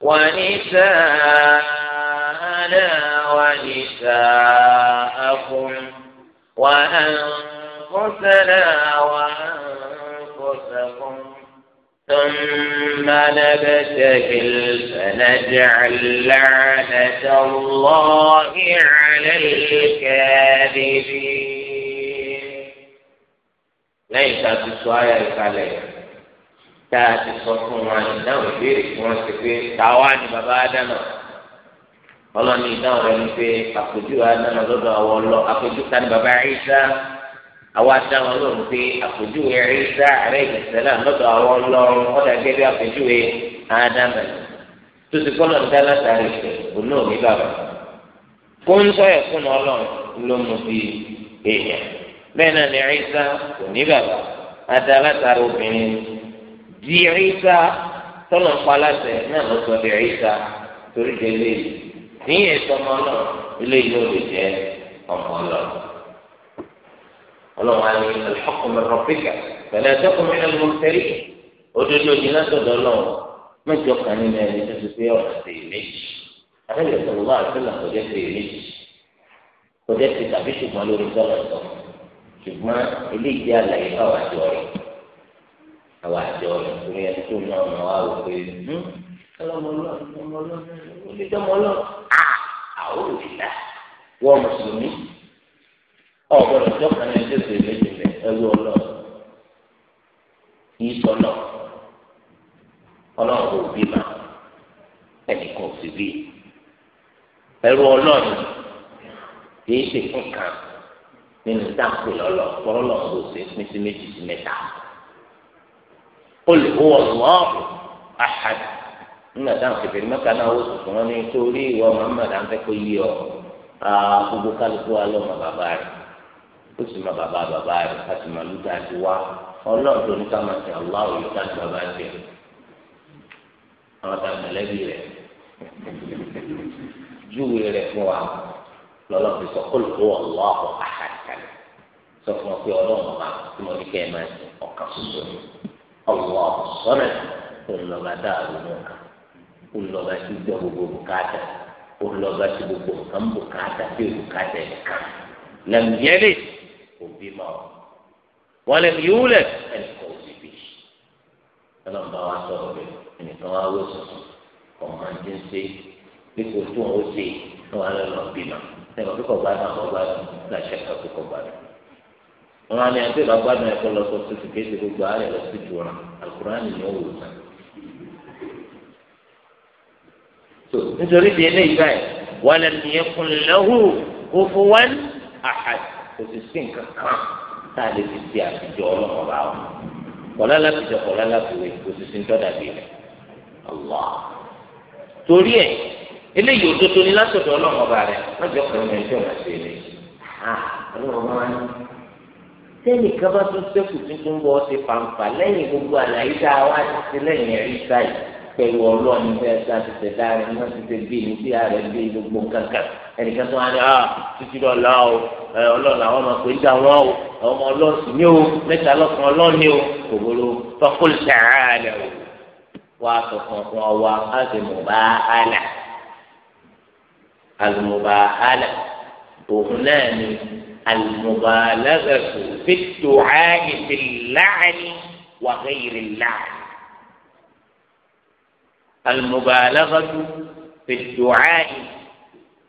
ونساءنا ونساءكم وأنفسنا وأنفسكم ثم نبتهل فنجعل لعنة الله على الكاذبين lẹ́yìn tá a ti sọ ayà ìkàlẹ̀ tá a ti sọ fún wa ìdáhùn ìbéèrè tí wọ́n ṣe pé táwa ni bàbá ádámà ọlọ́ni ìdáhùn rẹ̀ ni pé àpèjúwe ádámà lọ́dọ̀ àwọn ọlọ́ àpèjú ta ni bàbá Ìsá àwọn adáhùn lọ́rùn pé àpèjúwe Ìsá àrẹ́ ìgbésẹ̀lá lọ́dọ̀ àwọn ọlọ́run ọ̀dà gẹ́gẹ́ àpèjúwe ádámà tó ti kọ́ lọ́nà dáná sáré ìfẹ́ òun náà ní bàbá kó ń sọ ẹ̀kún ọlọ́run bẹ́ẹ̀ náà ní ẹ̀ẹ́sà kò ní bàbá ada látara obìnrin di ẹ̀ẹ́sà tọ́lọ̀ ń pa aláṣẹ náà lọ sọ di ẹ̀ẹ́sà torí délé ní ẹ̀sọ́ ọmọ náà eléyìí ló lè jẹ́ ọmọ náà ọlọ́run á ní alḥọ́kùnmí rọ̀bìkà pẹ̀lú ẹ̀dọ́kùnmí ẹlòmọ́tẹ́rì òdodo òdì látọ̀dọ̀ náà mẹ́jọ kan nínú ẹni tó ti pé ọ̀rọ̀ sí méjì àtẹ̀lẹ́sọ̀rọ̀ wà àti ìlànà kò jẹ́ sí méjì kò jẹ́ sí tàbí ṣùgbọ́n lórí sọ̀rọ̀ sọ̀rọ̀ ṣùgbọ́n eléyìí jẹ́ àlàyé fáwọn àjọ rẹ̀ àwọn àjọ rẹ̀ torí ẹni tó ná ọ̀nà wa wò pé hmm, ọlọ́mọlọ́ àwọn òrìlà wọ́n mùsùlùmí ọ̀gbọ́dọ̀ tó kàn ní ẹjọ́ tó ìlẹ́jọ́ rẹ̀ ẹrú ọlọ́ọ̀ yìí sọ́nà ọlọ́ọ̀ kò bí ma ẹnìkan ò sì bí ẹrú ọlọ́ọ̀ yìí ṣe fún kan nínú táǹkì lọ́lọ́ kọ́lọ́ kò sí pín sí méjì sí mẹ́ta. Qul huwa Allahu ahad nígbà táwọn kẹfẹ́rẹ́ mẹ́ta náà wò tuntun wọn ní torí ìwọ Muhammad à ń fẹ́ kó yí ọ gbogbo kálukú wa lọ mọ bàbá rẹ ó sì mọ bàbá bàbá rẹ a sì mọ lùdà sí wa ọlọ́run tó ní ká máa tẹ aláwọ̀ yìí ká bàbá tẹ àwọn táwọn mẹlẹ́bí rẹ júwe rẹ fún wa lọ́lọ́ fi sọ kul huwa Allahu ahad kalẹ̀ sọ fún ọ pé ọlọ́run ọba tí mo ní kẹ́ ẹ máa ṣe ọ̀kan ṣoṣo ni Allahu samad olùlọ́ba dáàbò ní ọ̀kan olùlọ́ba tí gbọ́ gbogbo bùkátà olùlọ́ba tí gbogbo nǹkan bùkátà tí bùkátà nìkan lam yalid òbí ma ọ wa lam yulad ẹnìkan òbí bí ọlọ́run bá wa sọ̀rọ̀ ẹ̀rọ kíkọ̀ gbádùn àkọ́ gbádùn làṣẹ kọ̀ kíkọ̀ gbádùn. wọn á ní ẹni tó ìlà gbádùn ẹ̀kọ́ lọ sọ sí fìkéjì gbogbo ààrẹ lọ sí ju ọ̀ràn àlùkùránì ni ó wò sàn. tó nítorí di eléyìí báyìí wọn lè ní ẹkùn lẹ́hù gbogbo wọn àhà kò sì sí nǹkan kan tá a lè fi ti àtijọ́ ọlọ́mọ bá wọn. kọ̀lá lápìjọ kọ̀lá lápìwé kò sì sí ń tọ́ eléyìí òdodo ni lásòdò ọlọ́run ọba rẹ̀ lọ́jọ́ kan ní ẹjọ́ ìrìnàjò ilé ọlọ́run ọba ní. sẹ́ni kan bá tún sẹ́kù tuntun bọ́ ṣe fàǹfà lẹ́yìn gbogbo àlàyé tá a wá ti ṣe lẹ́yìn ẹ̀rí sáyì pẹ̀lú ọlọ́run fẹ́ ṣá ti tẹ̀dá rẹ̀ ní wọ́n ti ṣe bí ní bí ààrẹ bí gbogbo kankan ẹnìkan tó wá ní ah títí lọ́la o ọlọ́run làwọn ọmọ pé ń dà wọ́n o ọmọ ọlọ́run sì o mẹ́ta lọ́kàn ọlọ́run ní o kòkòrò tọ́kùlù ṣàárẹ̀ o wá sọ المباهلة بغنان المبالغة في الدعاء في اللعن وغير اللعن المبالغة في الدعاء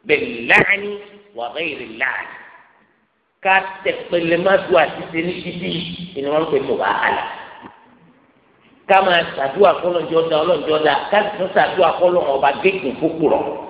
باللعن وغير اللعن كلمات واتسنشتي إن ولكن مباهلة كما سادوا كل كل ولن جودة كاتسادوا كل عبادة كفكرة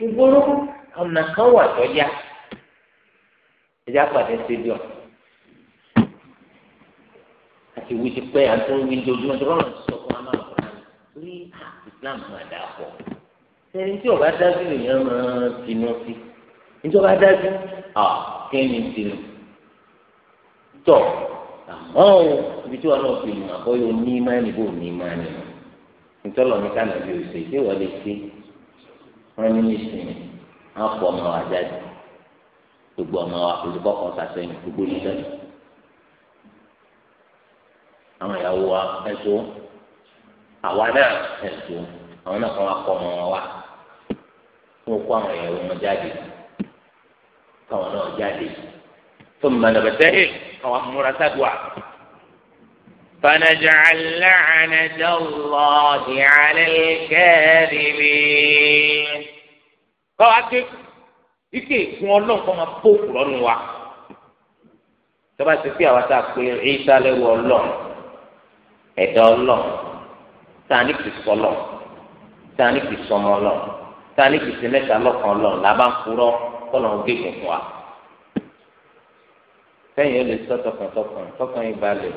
gbogbo ọ̀nà kan wà tọ́já ẹ̀já pàdé stadium àti wí ti pẹ́ àti wí ní ojú ọjọ́ ọ̀nà sọ fún wa náà rí Islam máa dà pọ̀ sẹ́ni tí ọba dájú èèyàn máa tinú sí níjọba dájú kẹ́ni tinú tọ̀ àmọ́ o ibi tí wọn náà fi mọ̀ àbọ̀yọ̀ ní ìmánì bò ní ìmánì nítorí ọ̀nà kan bí o ṣe ṣé wọ́n lè ṣe wọn ní nísìnyí wọn kọ ọmọ wa jáde gbogbo ọmọ wa kò sí kọkọ sàṣẹyìn gbogbo nígbà yìí àwọn ìyàwó wa ẹtọ àwa náà ẹtọ àwọn náà kọ́ wa kọ ọmọ wa wọn kó àwọn ìyàwó wọn jáde káwọn náà jáde fún mi nàbẹ̀tẹ́ múra sádùá. فنجعل لعنة الله على الكاذبين kọ́ aké ike ìkún ọlọ́run kọ́ máa pòkù lọ́nu wa tọ́ba ti fi àwọn tá a pé ẹ̀yíṣà lẹ́wọ̀ ọlọ́run ẹ̀dá ọlọ́run tani kì í sọlọ tani kì í sọmọ ọlọ́run tani kì í ṣe mẹ́ta lọ́kàn ọlọ́run làbá ń purọ́ kọ́lọ́run gégùn fún wa. sẹ́yìn ó lè sọ tọkàntọkàn tọkàn yìí balẹ̀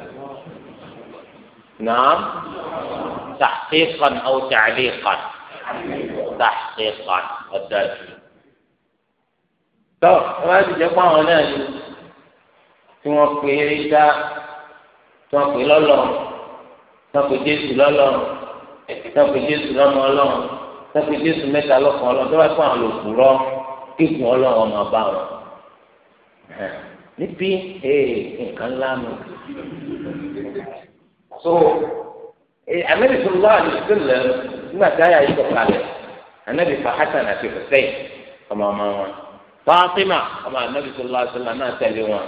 نعم تحقيقا أو تعليقا تحقيقا الدال طب هذه جماعة هنا توقي ريدا توقي لولو توقي جيسو لولو توقي جيسو لما لولو توقي جيسو ميتا لوكو لولو توقي فان لوكو رو كيكو لولو وما باو níbi nǹkan ńlá mi so anabi sọlá àdìsílẹ nígbà tí àyà yìí sọ̀kalẹ̀ anabi fa hasan àti hussein ọmọ ọmọ wọn fatima ọmọ anabi sọlá àdìsílẹ náà tẹ̀lé wọn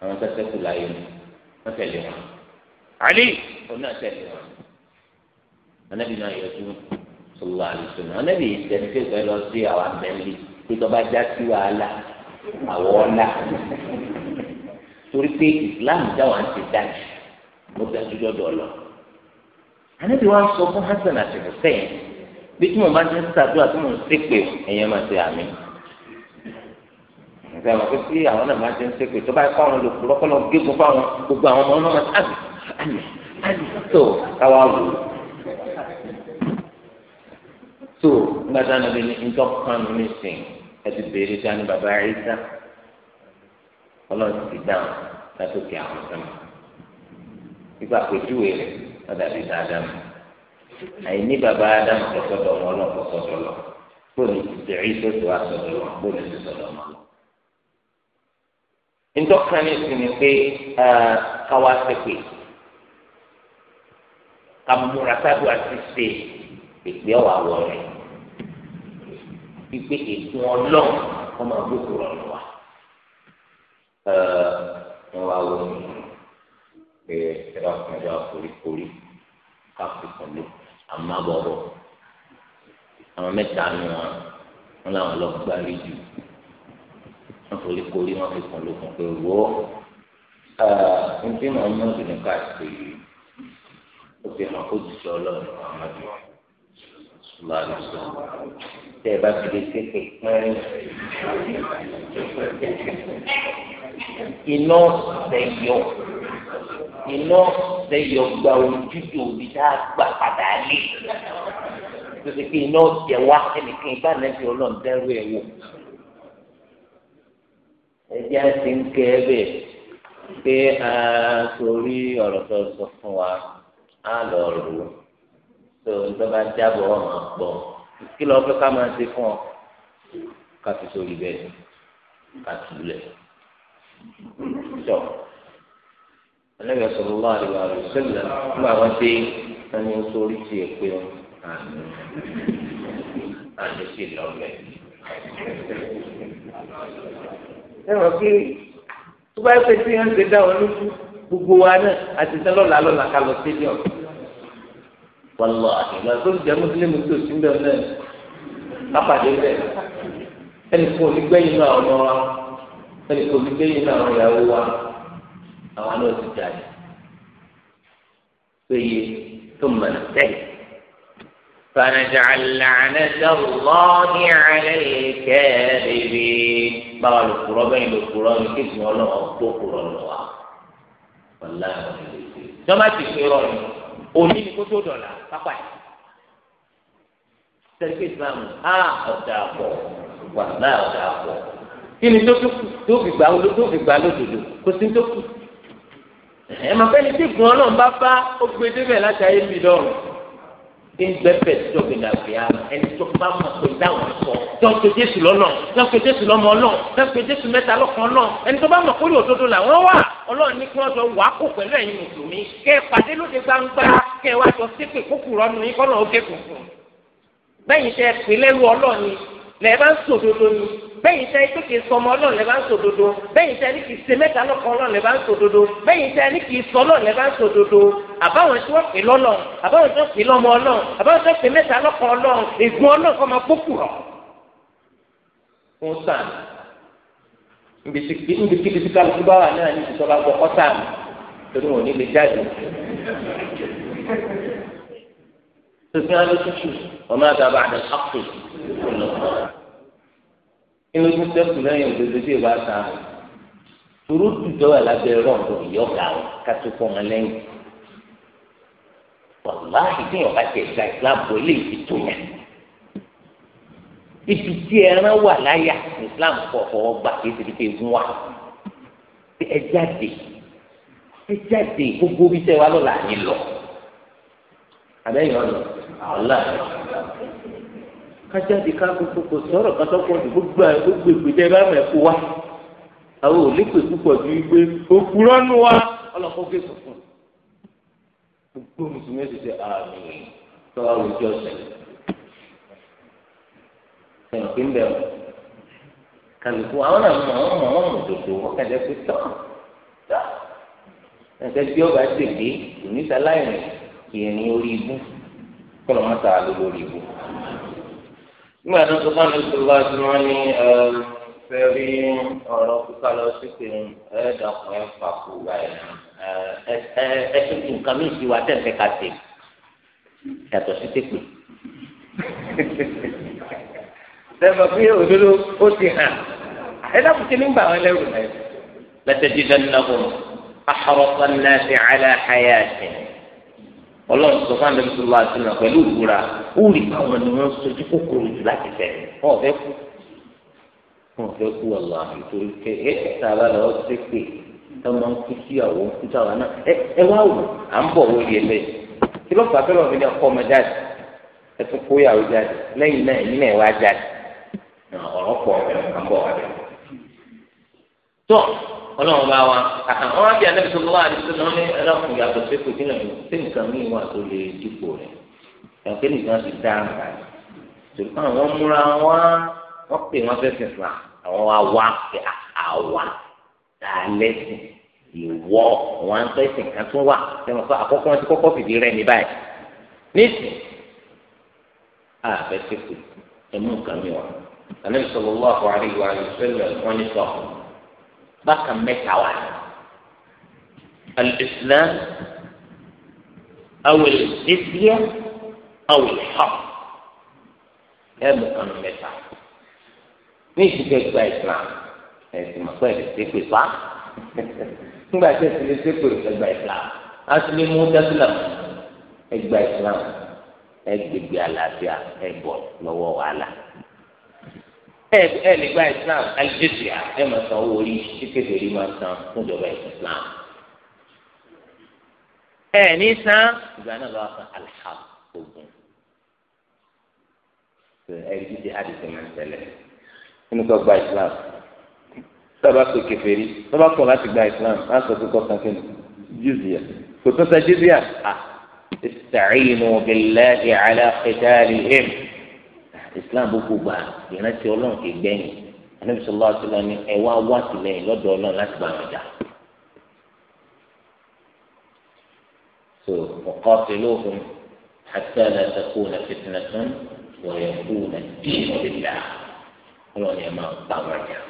àwọn tẹsẹ kù láàyè wọn tẹ̀lé wọn ali òun náà tẹ̀lé wọn anabi náà yọjú sọlá àdìsílẹ anabi ìtẹnifẹ fẹ lọ sí àwọn abẹ́lé ìjọba já sí wàhálà àwọn ọ̀la torí pé islam dáwọn ti dájú mo ga jùlọ dọ̀lọ́. àníbi wá sọ fún Hasan àti Hussein bí tí mo bá ti ń ṣàdúrà tí mo ń ṣépè ẹ̀yẹ máa ṣe àmì. nǹkan ìmọ̀ pé tí àwọn náà máa ti ń ṣépè tó bá kọ́ àwọn olùkú lọ́kọ́lọ́ gégùn fáwọn gbogbo àwọn ọmọ náà máa ti àmì àmì àmì tó káwá wò ó. tó gbàdá náà bí ní ìjọkànnù nísìnyí ẹ ti béèrè sani bàbá Ìsá ọlọ́run ti dáhùn látòkè àwọn sọ́mọ́ gbígbà pẹ̀júwe rẹ̀ ọ̀dà bíi ta ádámù àìní bàbá ádámù kọ́sọ́dọ̀ ọmọ ọlọ́run kọ́sọ́dọ̀ lọ bóni ti rí sọ́dọ̀ wá sọ́dọ̀ lọ bóni ti sọ́dọ̀ ọmọ lọ. ntọ́kànnì sì ni pé káwá sẹ́pẹ̀ kàmúra sábà àti ṣe ìpè ọ̀wà wọ̀ rẹ̀ ìpè ìpè ọlọ́run ọmọ àgbókòrò ọ̀nà wa pé ẹ̀rọ àpẹẹrẹ àforíkorí káfíńkànlé àmàbọ̀rọ̀ àwọn mẹ́ta nù wọn wọn làwọn lọ gbárí jù wọn foríkorí wọn fi kàn lókun pé wọ́ ẹ̀ ǹjẹ́ màá mú ọ̀dùnú káàkiri ó fi hàn kó jùlọ ọlọ́run àmàbí láàrin sọ tẹ ẹ bá fi lè ṣe pé pẹ́ẹ́rẹ́ iná ṣẹ̀yọ̀ iná lè yọ gba ojúdo omi tá a gbà padà lé tòtí pé iná jẹ wá ẹnìkan ìgbà nẹ́bí ọlọ́run dẹ́rù ẹ̀ wò ẹjẹ́ àti ń kẹ́ ẹ bẹ́ẹ̀ pé a sórí ọ̀rọ̀ tó sọ fún wa á lọ rò ó tó ìjọba jábọ̀ wọn máa kí lọ́ọ́ fẹ́ ká máa ṣe fún ọ ká fi sórí bẹ́ẹ̀ ká tù lẹ̀ tọ́. Ànábì sallallahu alaihi wa sallam nígbà wọn dé wọn ní oṣù orí tiẹ̀ pé wọn àmì àmì sì lọ́lẹ̀. ẹ mọ̀ pé tó bá pẹ́ tí wọ́n ṣe dá wọn lójú gbogbo wa náà àti sẹ́lọ́lá lọ́la ká lọ stadium. wàlọ́ àtìgbà tó ń jẹ́ mùsùlùmí tó sí bẹ́ẹ̀ náà lápàdé bẹ́ẹ̀ ẹnì kan ní gbẹ́yìn náà ọmọ wa ẹnì kan ní gbẹ́yìn náà ọmọ ìyàwó wa àwọn náà ti jáde péye tó mọ̀nà tẹ́lẹ̀. فنجعل لعنة الله على الكاذبين báwa lò kúrọ bẹ́ẹ̀ lò kúrọ ní kí ìsìn ọlọ́run tó kúrọ lọ wa wàlá ìjọba ti fi rọrùn òní ni kó tó dọ̀là pápá yìí sẹ́kì ìsìlámù á ọ̀dà àpọ̀ wàlá ọ̀dà àpọ̀ kí ni tó fi gbà lódodo kò sí tó kù ẹ máa fẹ́ni tí gun ọlọ́run bá bá ó gbé débẹ̀ láti ayé mi lọ́rùn kí n gbẹ bẹ̀ tó gbé dàgbé ara ẹni tó bá mọ̀ pé dáhùn sọ tó ń pe jésù lọ́nà tó ń pe jésù lọ́mọ náà tó ń pe jésù mẹ́ta lọ́kàn náà ẹni tó bá mọ̀ kórè òdodo làwọn wà ọlọ́run ní kí wọ́n jọ wà á kó pẹ̀lú ẹ̀yin mùsùlùmí kẹ́ ẹ pàdé lóde gbangba kẹ́ ẹ wá jọ sípè kókù rọ́nu yín kọ́nà ó gé kùkù bẹ́yìn tẹ́ ẹ pè lẹ́rú lẹ bá ń sòdodo ni bẹ́ẹ̀ yìí sẹ́ pé kì í sọmọ ọlọ́run lẹ bá ń sòdodo bẹ́ẹ̀ yìí sẹ́ ní kì í ṣe mẹ́ta lọ́kàn ọlọ́run lẹ bá ń sòdodo bẹ́ẹ̀ yìí sẹ́ ní kì í sọ ọlọ́run lẹ bá ń sòdodo àbáwọn tí wọ́n pè lọ́lọ́ àbáwọn tí wọ́n pè lọ́mọ ọlọ́run àbáwọn tí wọ́n pè mẹ́ta lọ́kàn ọlọ́run ègún ọlọ́run kọ́ máa kókù rọ̀. fún sàn tòfin alẹ́ tútù ọmọ àti abàdàn àpò ìlọ̀kọ̀ inú tún sẹ́kù lẹ́yìn òdodo tí ìbá ta tòró dùdọ́ wà lábẹ́ ẹ̀rọ ọ̀dọ̀ ìyọ́gà wọn kátó pọ̀ wọn lẹ́yìn wàláhì tí yọ̀ọ́ bá tẹ̀ gba ìsìlámù bọ̀ ilé ìdí tó yàn ibi tí ẹran wà láyà ìsìlámù kọ̀ fọwọ́ gbà kí ebi tí egun wà ẹ jáde ẹ jáde gbogbo bí sẹ́wà lọ́la ní lọ àbẹ́yìn ọ̀nà ọ̀la kájáde ká gbogbo kò sọ̀rọ̀ kan tó pọ̀ jù gbogbo gbogbo ìgbésẹ̀ bá mẹ́ kó wa àwọn ò lépè púpọ̀ ju wípé òkúrọ́ nù wa ọlọ́kọ́ gé funfun gbogbo mùsùlùmí ti ṣe àmì tọ́wá ojú ọ̀sẹ̀ ẹ̀yìn pín bẹ́ẹ̀ kàlùkù àwọn náà mọ̀ ọ́n mọ̀ ọ́n mọ̀ dòdò wọ́n kàn jẹ́ pé tọ́ tọ́ ẹ̀ṣẹ̀ tí ọba ṣègbè kò ní sáláìrìn kì í rin orí ibú kọlọ má sàá lé lórí ibu nígbà tó tó kánú tó bá tó wọn ní fẹ́ rí ọ̀rọ̀ kíkà lọ sí pé ẹ̀ẹ́dàkùn ẹ̀ fàkù báyìí ẹ tún fi nǹkan mìíràn sí wa tẹ̀sẹ̀ ká ṣe yàtọ̀ sí tẹ̀pẹ̀ lẹ́nu pé òdodo ó ti hàn ẹ̀dàkùn ti ní gbà wọn lẹ́rù lẹ́tẹ̀dídánilọ́gbọ̀n ahọ́rọ́sán náà ti àlẹ́ àyà àtẹ̀yìn. ọlọ́run sọ fún àdébùsọ lọ́wọ́ àti náà pẹ̀lú ìwúra ó báwọn ni wọ́n sojú kòkòrò jù láti tẹ̀ wọ́n fẹ́ kú wọ́n fẹ́ kú ọ̀la pé ẹ ẹ̀ta bá lọ́wọ́ ẹ máa ń kú sí àwọn òkú náà ẹ wá wò à ń bọ̀ ló fà ọkọ ọmọ jáde ẹ tún kó jáde lẹ́yìn náà ẹ̀yìn ọlọ́run bá wa àwọn àbí anabi sọlọ wa àdìsọ náà ní ẹlọpàá yàtọ̀ sí kò dínà sí nǹkan míì wà tó lè dípò rẹ̀ ẹnìké nìkan ti dá àgbà rẹ̀ tòlùkọ́ àwọn múra wá wọ́n pè wọ́n fẹ́ fẹ́ fà àwọn wa wá pé àwa dálẹ́ sí ìwọ wọn tó ẹsẹ̀ kan tún wà sẹ́wọ̀n fún àkọ́kọ́ wọn ti kọ́kọ́ fìdí rẹ̀ ní báyìí nísìn àbẹ̀sẹ̀kù ẹ̀mú nǹkan mi wà bákan mẹ́ta wà ní. الإسلام أو الجزية أو الحرب ẹ mú kanu mẹ́ta ní ìsìnkú gba islam ẹsìn mọ pẹ̀lú ìsìnkú fa nígbà tí ẹsìn ìsìnkú ẹgbà islam asìlẹ mú dẹsílẹm ẹgbà islam ẹgbẹgbẹ àlàáfíà ẹbọ lọ́wọ́ wàhálà ẹ ẹ lè gba islam alijizia ẹ máa san owó orí tí kékeré máa san fún ìjọba islam ẹ ní san ìgbà náà lọ́wọ́ san alhaq ogun ẹ jíjẹ àdìsí máa ń tẹ̀lé nínú kọ́ gba islam sábà pé kèfèrí sábà kọ̀ láti gba islam á sọ pé kọ́ kí ni jizia kò tó san jizia ah istaʿīnū billāhi ʿalā qitālihim islam gbogbo gbà ìrántí ọlọ́run kì í gbẹ̀yìn anabi sọlá ọsọlá ni ẹ wá wá sílẹyìn lọ́dọ̀ ọlọ́run láti bá wọn jà so muqatiluhum hatta la takuna fitnatun wa yakuna ad-dinu lillah ọlọ́run yẹn máa bá wọn jà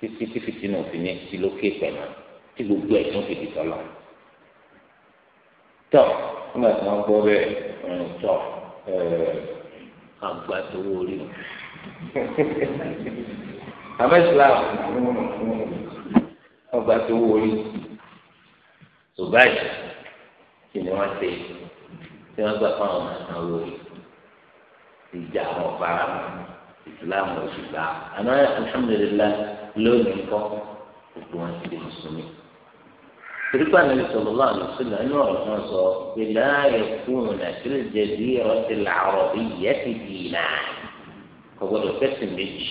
títí tí fìtínà òfin ní sí lókè pẹ̀lú tí gbogbo ẹ̀sùn fìdí sọlọ tọ nígbà tí gbọ́ bẹ́ẹ̀ tọ ẹẹ àgbà tó wọ orí o. amẹ́sìlám ọgbà tó wọ orí tó báyìí kí ni wọ́n ṣe tí wọ́n gbà fún àwọn ọmọ àwọn orí ìjà àwọn ọ̀bá ìsìlám òṣùgbà àná alhamdulilayi lónìí kọ́ gbogbo wọn ti di mùsùlùmí tìrìkà nàbì sọlọ lọ àlọ sílẹ ẹnu ọ̀rọ̀ kan sọ gbèlà ẹkùn nàìjíríà jẹbi ọtí làárọ ìyẹ ti dì náà kò gbọ́dọ̀ fẹsẹ̀ méjì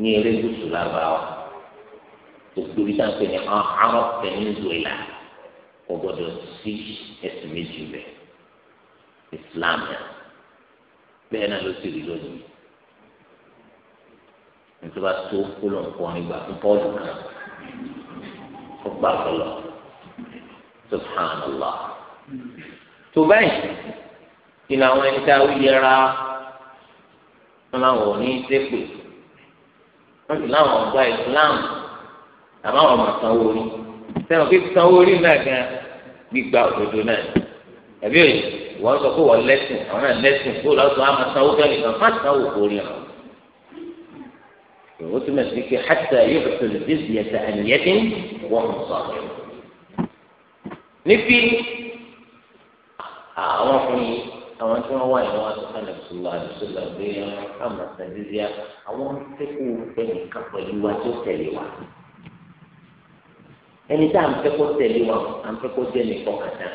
ní eré gúúsù lábáwá gbogbo ibi táwọn pè ní arab peninsula kò gbọ́dọ̀ sí ẹsẹ̀ méjì rẹ islam náà bẹ́ẹ̀ náà ló sì rí lónìí nítorí wàá tó kólọ̀ nǹkan ìgbà fún pọ́ọ̀lù kan ó gbà fọlọ́. subhanallah tó báyìí ìlà àwọn ẹni tá a wí yẹra wọn làwọn ò ní í sépè wọn sì láwọn ọgbà islam àmàwọn ọmọ sanwó orí sẹ́wọ̀n kí sanwó orí náà gan gbígba òdodo náà ẹ̀bí òye wọ́n sọ pé wọ́n lẹ́sìn àwọn náà lẹ́sìn kó lọ́sọ̀ àmọ́ sanwó kẹ́lẹ́ kan má sanwó orí hàn òwò tó mẹ́sì kí hàtà yóò fẹ́ lè dé ìyẹ̀tà àníyẹ́dín wọ́n sọ̀rọ̀ níbi àwọn ọkùnrin àwọn tí wọn wà ní wọn sọ fún ẹnìkúlọ àdùsọlọ gbé àmà sàdídíà àwọn fẹkù ẹnìkan pẹ̀lú wa tó tẹ̀lé wa ẹni tá à ń fẹkọ tẹ̀lé wa à ń fẹkọ jẹ nìkan kàtà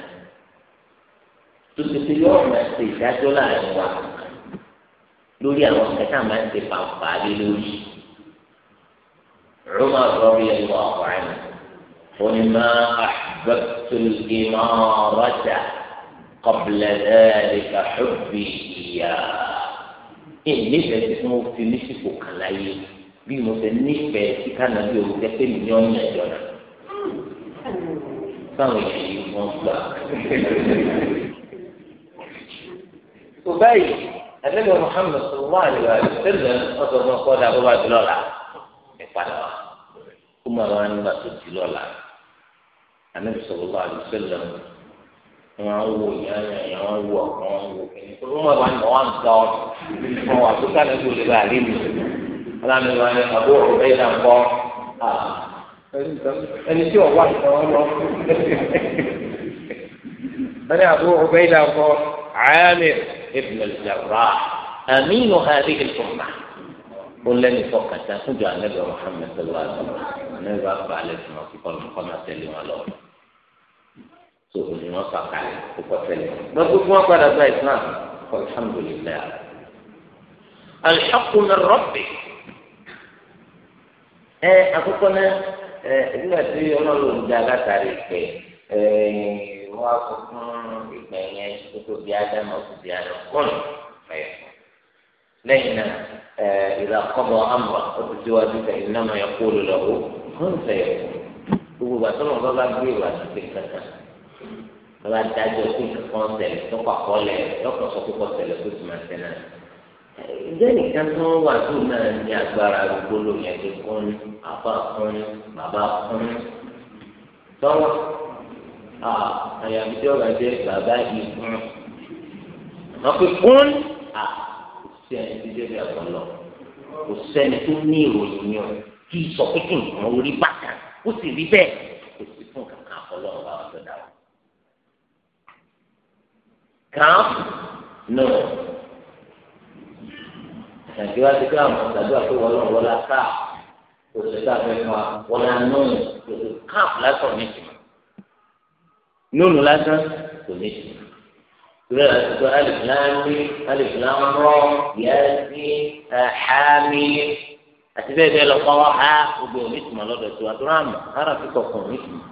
tó ti fi yọ ọmọ ẹsẹ láàrin wa lórí àwọn kẹta máa ń ṣe pàǹpà lé lórí rọmọ àgbọrọ yẹn lọ ọkọ àná. ولما أحببت الإمارة قبل ذلك حبي إياه èmi fẹ́ tí mo fi mí sípò kan láyé bí mo fẹ́ nífẹ̀ẹ́ tí kánà bí o jẹ́ pé mi ní ọ̀nà ẹ̀jọ̀ náà báwo ni èyí wọ́n gbà. tó báyìí àtẹ́lẹ̀ Muhammad sọ̀rọ̀ àlùbà àtẹ́lẹ̀ ọ̀sọ̀gbọ̀n kọ́ da bó bá di lọ́la ẹ̀ padà wá ó máa wá nígbà tó di lọ́la. النبي صلى الله عليه وسلم وهو يعني وهو وهو كل ما وان وان صار هو كان يقول لعلم انا من ابو عبيد قال ẹni tí ọwọ́ àìsàn wọn lọ ẹni àbú ọbẹ̀dà kọ Amir ibn al-Jarrah aminu hadhihi al-umma ó lẹ́nu fọkàtà fún jọ Ànábì Muhammad sallallahu alaihi wa sallam. ànábì bá fà á lẹ fún wọn kí kọlọ kọ máa tẹ̀lé wọn lọ so òní wọn fà ká kó kọ tẹ̀lé wọn gbogbo wọn padà gba islam alhamdulilayi alḥaqqu min rabbi ẹ àkọ́kọ́ náà ẹ nígbà tí Ọlọ́run dá látàrí pé ẹ wọn á kọ fún ìgbà yẹn kókó bí ádámù ọkùnrin bí ádámù kọ́nù ẹ̀yọ̀. لين إذا قضى أمرا وتزواجك إنما يقول له wọn fẹ́ gbogbo gbàtọ́ náà bá bá gbé ìwà tètè kankan bá dájọ́ pé kankan ṣẹlẹ̀ lọ́kọ̀ àkọọ́lẹ̀ lọ́kọ̀ sọ pé kọ́ ṣẹlẹ̀ tó ti máa ṣẹ náà ǹjẹ́ nìkan tó wà tó náà ní agbára gbogbo yẹn ti kún àbá kún bàbá kún tọ́wọ́ àyàmídé ọ̀rọ̀ jẹ́ bàbá yìí kún wọ́n fi kún à kò sí ẹni tó dé bí àgbọ̀lọ̀ kò sẹ́ni tó ní ìròyìn yẹn kí sọ pé kí nǹkan orí bákan ó sì rí bẹ́ẹ̀ kò sí fún kankan ọlọ́run bá wọn tó dà wọ́n. kàn nù nàìjíríà ti ká àwọn ìdájọ́ àti wọlọ́run wọlá ká kò sí ká fẹ́ fún wa wọlá nù kò sí káàf lásán ní ìtumọ̀ nùnù lásán kò ní ìtumọ̀. Ìrẹ́ àti sọ alìfúlámi alìfúlámi rọ̀ yẹ́sí ẹ̀hámi àti bẹ́ẹ̀ bẹ́ẹ̀ lọ kọ́ wá ha gbogbo òní tìmọ̀ lọ́dọ̀ tó àdúrà mọ̀ ara fi kọ̀ọ̀kan òní tìmọ̀.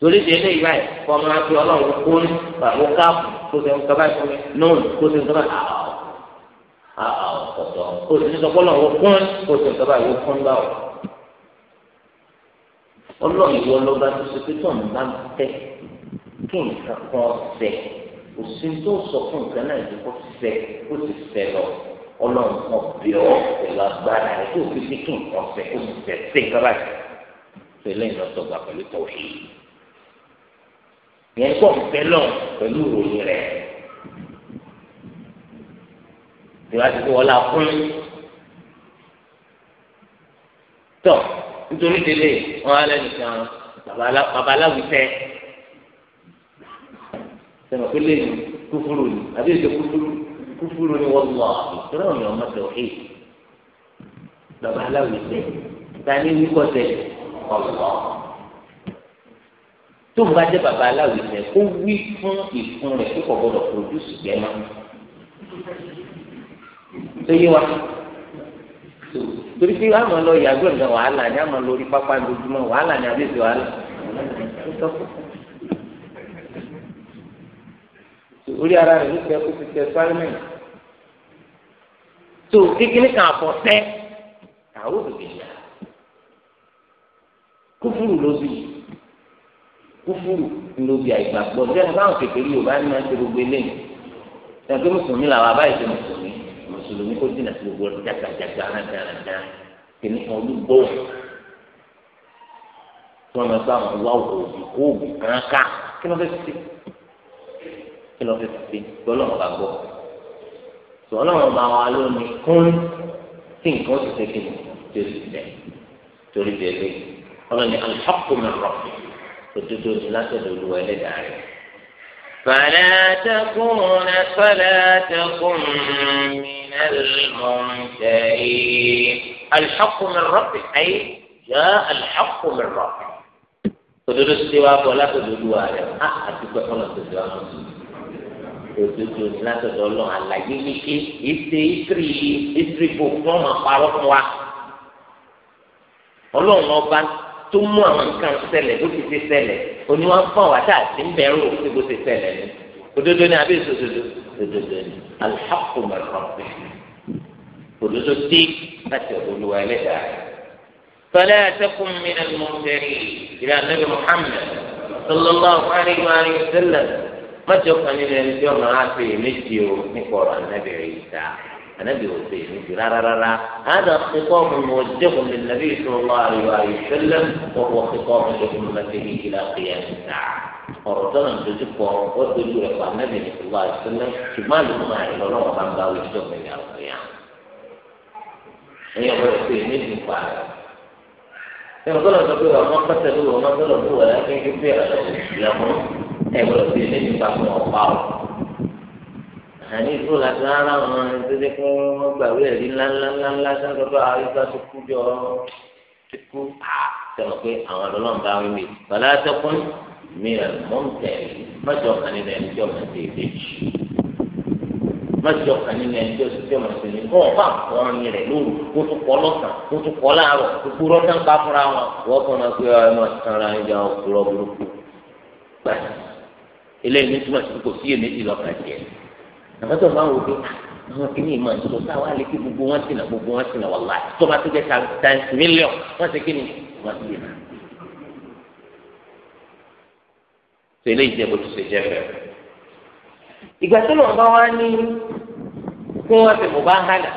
torí de ilé ìgbà yìí kọ́ máa fi ọlọ́run kó ní pàbó káàpù kó ṣe ń kaba ìfúnni nóòlù kó ṣe ń kaba àwọ̀ àwọ̀ kọ̀tọ̀ kó ṣe ń sọ pé ọlọ́run kó ní kó ṣe ń kaba ìwé fún báwò. ọlọ́run ìwọ ló bá tó ṣe pé tó ń bá tẹ kí nǹkan kan ṣẹ òsì tó sọ fún nǹkan náà ìdíkọ́ ṣẹ ó ti ṣẹ lọ ọlọ́run kan bí ọ pẹ̀lú agbára rẹ̀ tó fi tún nǹkan fẹ́ kó mi fẹ́ sí nǹkan báyìí pẹ̀lú ìlọ sọgbà pẹ̀lú tọ̀hí yẹn kọ́ fẹ́ lọ pẹ̀lú ìròyìn rẹ̀ ìwádìí tó wọlé akún tọ nítorí délé wọn alẹ́ nìkan bàbá aláwùjẹ sẹ́wọ̀n pé lẹ́yìn kúkúrú ni àbí èdè kúkúrú kúfúrú ni wọ́n lọ ìtura òní ọmọ tó hì bàbá aláwọ̀ ìgbé tani wíkọ̀ tẹ ọ̀lọ́ tó ń bá jẹ́ bàbá aláwọ̀ ìgbé ó wí fún ìfun rẹ̀ tó kọ̀ gbọ́dọ̀ pòdúsì gbẹ́mà tó yé wa torí pé àmọ́ lọ yàgbẹ́ nǹkan wàhálà ni àmọ́ lórí pápá ìdójúmọ́ wàhálà ni àbí èsì wàhálà tó tọ́ orí ara rẹ̀ ló fẹ́ kó ti tẹ sáyẹ́mẹ̀n tó kékeré kan àfọ̀ tẹ́ àwọn òbí yà kúfúrú ló bí kúfúrú ló bí àìgbàgbọ́ bí ẹni báwọn kékeré yorùbá ní máa ń ṣe gbogbo eléyìí ẹni pé mùsùlùmí làwọn abáyé ṣe mùsùlùmí mùsùlùmí kó dínà sí gbogbo jàgàjàgà rádaràdà kìnnìkan olúgbò tí wọn bá wọn wá òbí kó òbí kankan kí wọn fẹẹ kí lọ́ọ́ fi fi gbọ́lọ́mọ̀ bá gbọ́ gbọ́lọ́mọ̀ bá wa lónìí kún tí nǹkan ti ṣe kí ni tí o sì tẹ̀ torí bèbè ọlọ́ni alḥaqu min rabbi òdodo ni látọ̀dọ̀ olúwa ẹlẹ́dàá rẹ̀. àtẹ̀kùn فلا تكون فلا تكن من الممترين الحق من ربك أي جاء الحق من ربك òdodo ti wá bọ̀ látọ̀dọ̀ olúwa rẹ̀ á àti pé ọ̀nà tó ti wá mọ̀ òdodo ni látọ̀dọ̀ ọlọ́run àlàyé yíké ètè ìtìrì ìtìrì bò fún ọmọ parọ́ fún wa ọlọ́run ọba tó mú àwọn nǹkan ṣẹlẹ̀ bó ti ṣe ṣẹlẹ̀ òní fún àwọn àti àti ń bẹ̀rù òkú bó ti ṣẹlẹ̀ ni òdodo ni àbí ìṣòdodo òdodo ni alḥaqu òdodo dé láti ọ̀dọ̀ olúwa ẹlẹ́dàá rẹ̀. فلا تكن من المنكرين إلى النبي محمد صلى الله عليه وآله وسلم ما تشوف ان اليوم في مسجد نقرأ النبي عيسى النبي وفي مسجد لا لا لا هذا خطاب موجه للنبي صلى الله عليه وآله وسلم وهو خطاب لأمته إلى قيام الساعة ọ̀rọ̀tọ́nà dojúkọ ó dojú rẹ̀ pa nẹ́bí nípa ìṣẹ̀lẹ̀ ṣùgbọ́n àlùmọ́ àìlọ́ lọ́wọ́ bá ń bá wíjọ́ mi ní àlùfẹ́ yá. ẹ̀yin ọ̀rọ̀ ìpè méjì pa rẹ̀. ẹnu kọlọ sọ pé wà má pẹsẹ ló wà má kọlọ ló wà láti ń gbé ẹ̀rọ ìlẹ̀kùn ẹgbẹ̀rún sí ilé nípa fún ọpa o. àní ìfúró láti rárá wọn títí pé wọn gbàwé ẹ̀rí ńláńláńlá sọ pé àyíká ah, tó kú jọ tó kú à sọ pé àwọn ọlọ́run bá wí mi bàlá sọkún mi rẹ̀ mọ́ ń tẹ̀lé mọ́jọ kan nínú ẹni tí ọmọ ti dé jù má jọ kàn nínú ẹni tí o sì fẹ́ mọ̀ sí ni wọ́n bá kọ́ ọ́n rẹ̀ lóru wọ́n tún kọ́ lọ́sàn wọ́n tún kọ́ láàárọ̀ gbogbo rọ́tà ń bá fúnra wọn. wọ́n kàn máa pé ọ̀rẹ́ máa sanra ń ya ọ̀pọ̀lọ́ burúkú gbàdá eléyìí ní túmọ̀ sí kò sí èméjì lọ́kàn jẹ́ àmọ́tò máa wò pé àwọn kìíní ìmọ̀ ìṣòro táwa lè kí gbogbo wọn sìnà gbogbo wọn sìnà wàlá tó bá tó jẹ́ times million wọ́n ti kí ni wọ́n ti yẹn ìgbà tó lọ́n bá wá ní kí wọ́n ti mú bá hànà